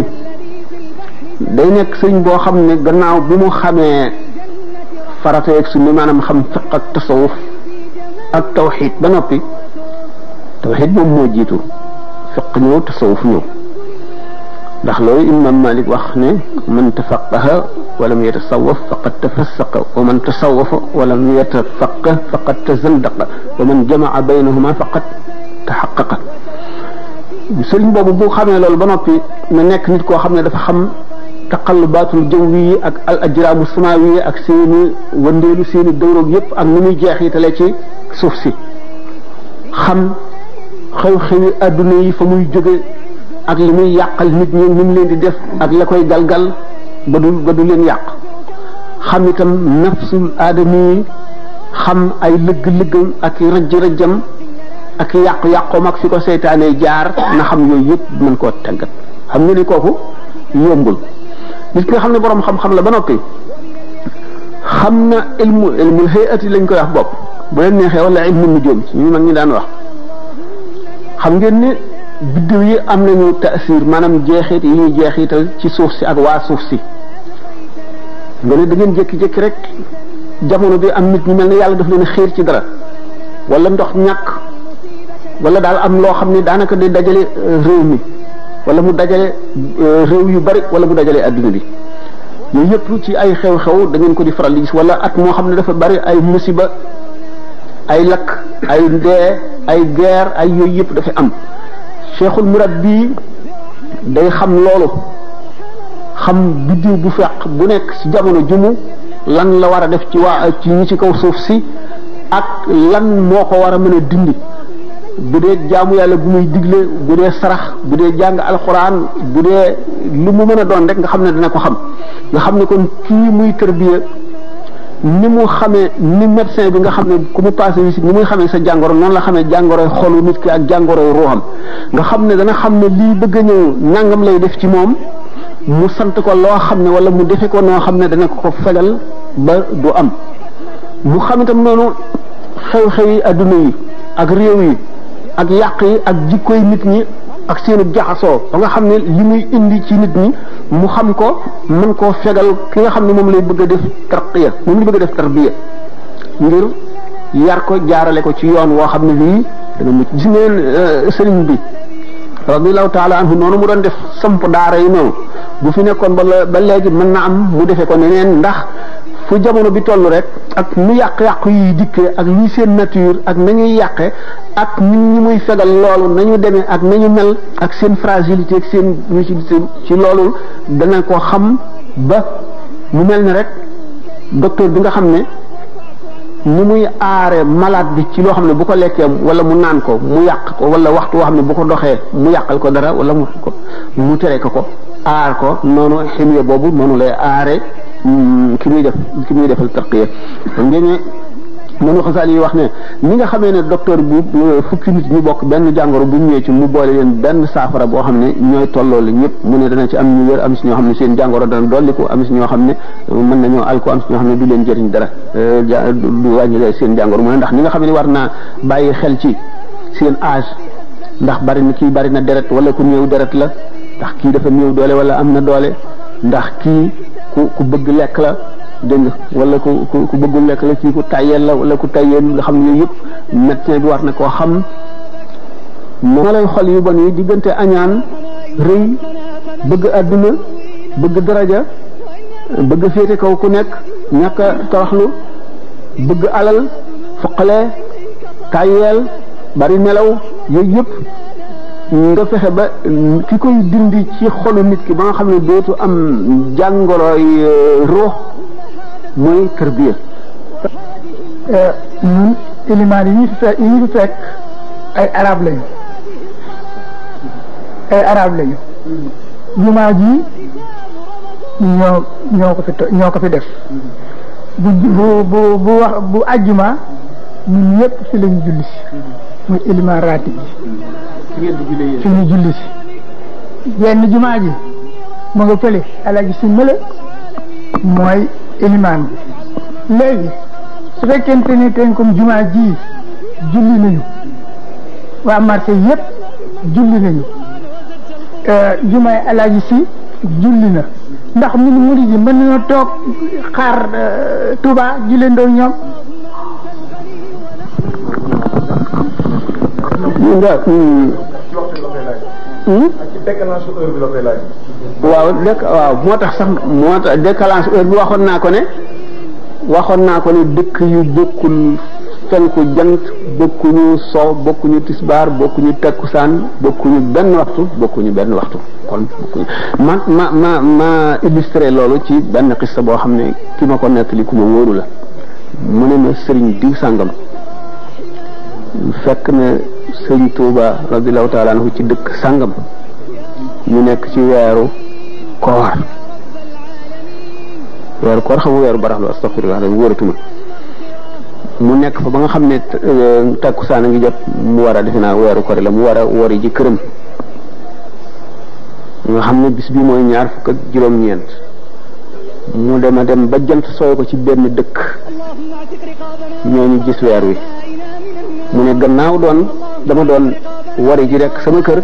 S1: day nekk sëñ boo xam ne gannaaw bi mu xamee farata ak sunna maanaam xam fiq ak tasawuf ak tawxid ba noppi tawxid moom moo jiitu fiq ñëw tasawuf ñëw ndax loolu imam malik wax ne man tafaqaha walam yatasawaf faqad tafassaqa wa man tasawafa walam yatafaqqa faqad tazandaqa wa man jamaa baynahuma faqad taxaqaqa sëriñ boobu bu xamee lool ba noppi na nekk nit koo xam ne dafa xam taqallubaatul jaww yi ak al ajraamu samaawi ak seeni wëndeelu seeni dëwroog yépp ak nu muy jeexitale ci suuf si xam xew-xewi adduna yi fa muy jóge ak li muy yàqal nit ñi ni mu leen di def ak la koy galgal ba du ba du leen yàq xam itam nafsul aadami yi xam ay lëgg-lëggam ak i rëjj-rëjjam ak yàqu-yàqoom ak fi ko seytaanee jaar na xam yooyu yëpp mën koo tàggat xam nga kooku yombul nit ki nga xam ne boroom xam-xam la ba noppi xam na ilmu ilmul hayati lañ koy wax bopp bu leen neexee wala ilmu nujum suñu mag ñi daan wax xam ngeen ni biddiw yi am nañu taasir maanaam jeexit yi ñuy jeexital ci suuf si ak waa suuf si nga ne da ngeen jékki-jékki rek jamono bi am nit ñu mel ne yàlla daf leen xiir ci dara wala ndox ñàkk wala daal am loo xam ne daanaka day dajale euh, réew mi wala mu dajale euh, réew yu bari wala mu dajale adduna bi yooyu yëpp ci ay xew-xew da ngeen ko di faral di si wala at moo xam ne dafa bari ay musiba ay lakk ay dee ay guerre ay yooyu yëpp dafa am cheikhul bii day xam loolu xam biddiw bu fekk bu nekk ci jamono jumu lan la war a def ci waa ci ñi ci kaw suuf si ak lan moo ko war a mën a dindi bu dee jaamu yàlla bu muy digle bu dee sarax bu dee jàng alxuraan bu dee lu mu mën a doon rek nga xam ne dana ko xam nga xam ne kon kii muy tërbiya ni mu xamee ni médecin bi nga xam ne ku mu passé visite ni muy xamee sa jàngoro noonu la xamee jàngoroy xolu nit ki ak jàngoro jàngoroy ruuxam nga xam ne dana xam ne lii bëgg a ñëw nangam lay def ci moom mu sant ko loo xam ne wala mu defe ko noo xam ne dana ko ko fegal ba du am mu xam itam noonu xew-xew yi adduna yi ak réew yi ak yàq yi ak jikkoy nit ñi ak seenu jaxasoo ba nga xam ne li muy indi ci nit ñi mu xam ko mën koo fegal ki nga xam ne moom lay bëgg a def tarqiya moom lay bëgg a def tarbiya ngir yar ko jaarale ko ci yoon woo xam ne bii dana mucc gis ngeen euh, sëriñ bi radiallahu taala anhu noonu mu doon def samp daara yi noonu bu fi nekkoon ba ba léegi mën na am mu defee ko neneen ndax fu jamono bi toll rek ak nu yàq-yàq yuy dikkee ak luy seen nature ak na ñuy yàqee ak nit ñi muy fegal loolu nañu demee ak nañu mel ak seen fragilité ak seen rigidité ci loolu dana ko xam ba mu mel ne rek docteur bi nga xam ne ni muy aare malade bi ci loo xam ne bu ko lekkee wala mu naan ko mu yàq ko wala waxtu woo xam ne bu ko doxee mu yàqal ko dara wala mu ko mu tere ko ko aar ko noonu ximye boobu noonu lay aare Mm, ki muy def ki muy defal taqiya ngeen ne mënu xasaal yi wax ne ni nga xamee ne docteur bu euh, fukki nit ñu bokk benn jàngoro bu ñëwee ci mu boole leen benn saafara boo xam ne ñooy tolloo la ñëpp mu ne dana ci am ñu wér am si ñoo xam ne seen jàngoro dana ko am si ñoo xam ne euh, mën nañoo alko am si ñoo xam ne du leen jëriñ dara euh, du wàññi seen jàngoro mu ne ndax ni nga xam ne war naa bàyyi xel ci seen âge ndax bari na kii bari na deret wala ku néew deret la ndax kii dafa néew doole wala am na doole ndax kii ku ku bëgg lekk la dégg walla wala ku ku bëggul lekk la kii ku tayeel la wala ku tayeel nga xam ne yooyu yëpp médecin bi war na koo xam moo lay xol yu bon yi diggante añaan rëy bëgg àdduna bëgg daraja bëgg féete kaw ku nekk ñàkk a toroxlu bëgg alal fuqale tayeel bari nelaw yooyu yépp nga fexe ba ki koy dindi ci xolu nit ki ba nga xam ne dootu am jàngoroy euh, ruux mooy tërbiya euh, ñun ilimaan yi ñu fi fekk ay arab lañu ay arab lañu jumaa ji ñoo ñoo ko fi ñoo ko fi def
S2: bu bu bu ajjuma ñun ñëpp fi lañu julli muy ilimaan raati bi
S1: fi ñu
S2: julli si yenn
S1: jumaa ji ma nga pële alaaji si mële mooy ilimaan
S2: bi léegi su fekkente ni ten comme jumaa ji julli nañu waa marché yëpp julli nañu euh, jumaay alaaji si julli na ndax ñun murid yi mën nañoo toog xaar euh, Touba julli ndoo ñoom Hmm?
S1: waaw. waaw dëkk waaw moo tax sax moo tax décalage heure waxoon naa ko ne waxoon naa ko ne dëkk yu bokkul fenku jant bokkuñu sow bokkuñu tisbaar bokkuñu takkusaan bokkuñu benn waxtu bokkuñu benn waxtu kon bokkuñu ma ma ma ma illustré loolu ci benn xista boo xam ne ki ma ko nettali ku ma wóoru la mu ne ma sëriñ diw sàngam fekk na sëñ Touba radiallahu taala anhu ci dëkk sàngam ñu nekk ci weeru koor weeru koor xamu weeru baraxlu astaxfirullah dañ wóoratuma mu nekk fa ba nga xam ne euh, takkusaan a ngi jot mu war a defe naa weeru koor la mu war a wori ji këram nga xam ne bis bi mooy ñaar fukk ak juróom-ñeent mu dema dem ba jant sooy ko ci benn dëkk ñoo ñooñu gis weer wi mu ne gannaaw doon dama doon wari ji rek sama kër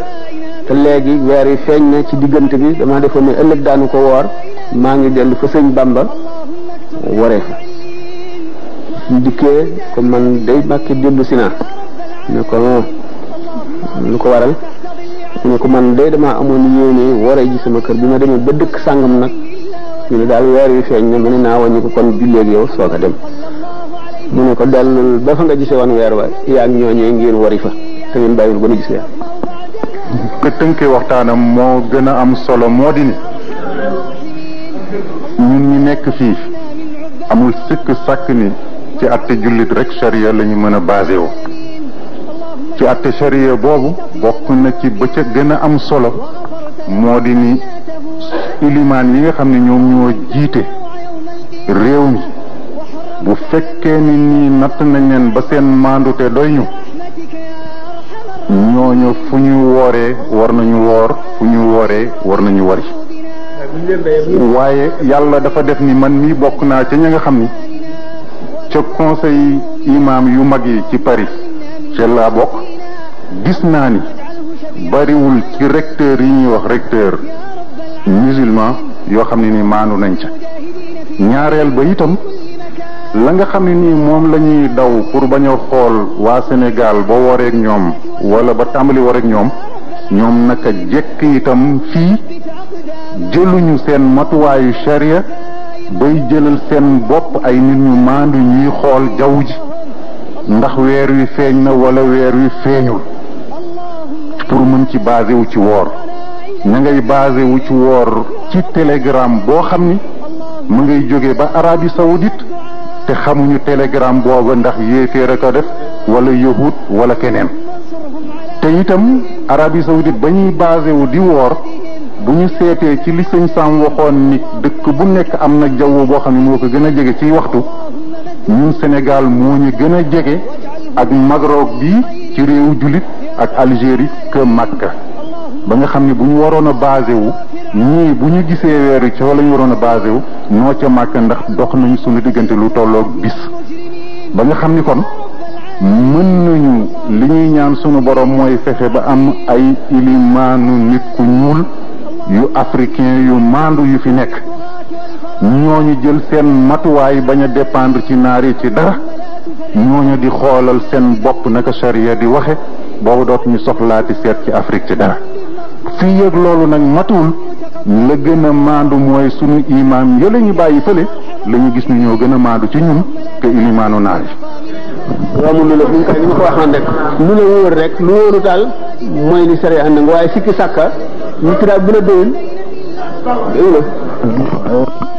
S1: te léegi weer yi feeñ na ci diggante bi dama defoon ne ëllëg daanu ko woor maa ngi dellu fa sëñ Bamba waree fa mu dikkee ko man day Mbàkke dellu si naa ne ko ah, lu ko waral mu ne ko man day damaa amoon yéene waree ji sama kër bi ma demee ba dëkk sàngam nag ñu ne daal weer yi feeñ na mu ne naa wàññi ko kon julleeg yow soog dem mu ne ko dellul ba fa nga gisee woon weer wa yaa ngi ñooñee
S2: ngeen wari fa te ngeen bàyyiwul ba nu gis leen ko tënkee waxtaanam moo gën a am solo moo di ni ñun ñi nekk fii amul sikk sàkk ni ci àtte jullit rek charia lañu mën a basé ci àtte charia boobu bokk na ci bëccëg gën a am solo moo di ni ilimaan yi nga xam ne ñoom ñoo jiite réew mi bu fekkee ni nii natt nañ leen ba seen maandute doy ñu ñooñu fu ñu wooree war nañu woor fu ñu wooree war nañu wari waaye yàlla dafa def ni man mii bokk naa ca ña nga xam ni ca conseil imam yu mag yi ci Paris ca laa bokk gis naa ni bariwul ci recteur yi ñuy wax recteur musulman yoo xam ne ni maandu nañ ca ñaareel ba itam la nga xam ne nii moom lañuy daw pour bañ xool waa senegaal ba woreek ñoom wala ba tàmbali wareeg ñoom ñoom naka jekk itam fii jëluñu seen matuwaayu charia bay jëlal seen bopp ay nit ñu maandu ñuy xool jaww ji ndax weer wi feeñ na walla weer wi feeñul pour mën ci basé ci woor ña ngay basé ci woor ci télégramme boo xam ni mu ngay jóge ba Arabie Saoudite te xamuñu télégramme booba ndax yéeféer a def wala yahut wala keneen te itam Arabie saoudite ba ñuy basé wu di woor bu ñu seetee ci li sëñ Sam waxoon ni dëkk bu nekk am na jaww boo xam ne moo ko gën a jege ci waxtu ñun Sénégal moo ñu gën a jege ak Maroc bi ci réewu jullit ak Algérie k Makka ba nga xam ne bu ñu waroon a basé wu ñii bu ñu gisee weer wi ca la ñu waroon a basé wu noo ca màkk ndax dox nañu suñu diggante lu tolloog bis ba nga xam ni kon mën nañu li ñuy ñaan sunu borom mooy fexe ba am ay ilimaanu nit ku ñuul yu africain yu maandu yu fi nekk ñooñu jël seen matuwaay bañ a dépendre ci naar yi ci dara ñooñu di xoolal seen bopp naka charia di waxe boobu dootuñu soxlaati seet ci Afrique ci dara fii yëg loolu nag matuwul la gën a maandu mooy sunu imaam yële ñu bàyyi fële la ñu gis ni ñoo gën a maandu ci ñun que ilimaanu naar yi.
S1: waaw moom la bu ñu ni ma ko waxoon rek lu la wóor rek lu wóoru daal mooy li sare ànd waaye sikki sàkka ñu kiraab bu la déwén
S2: déwén.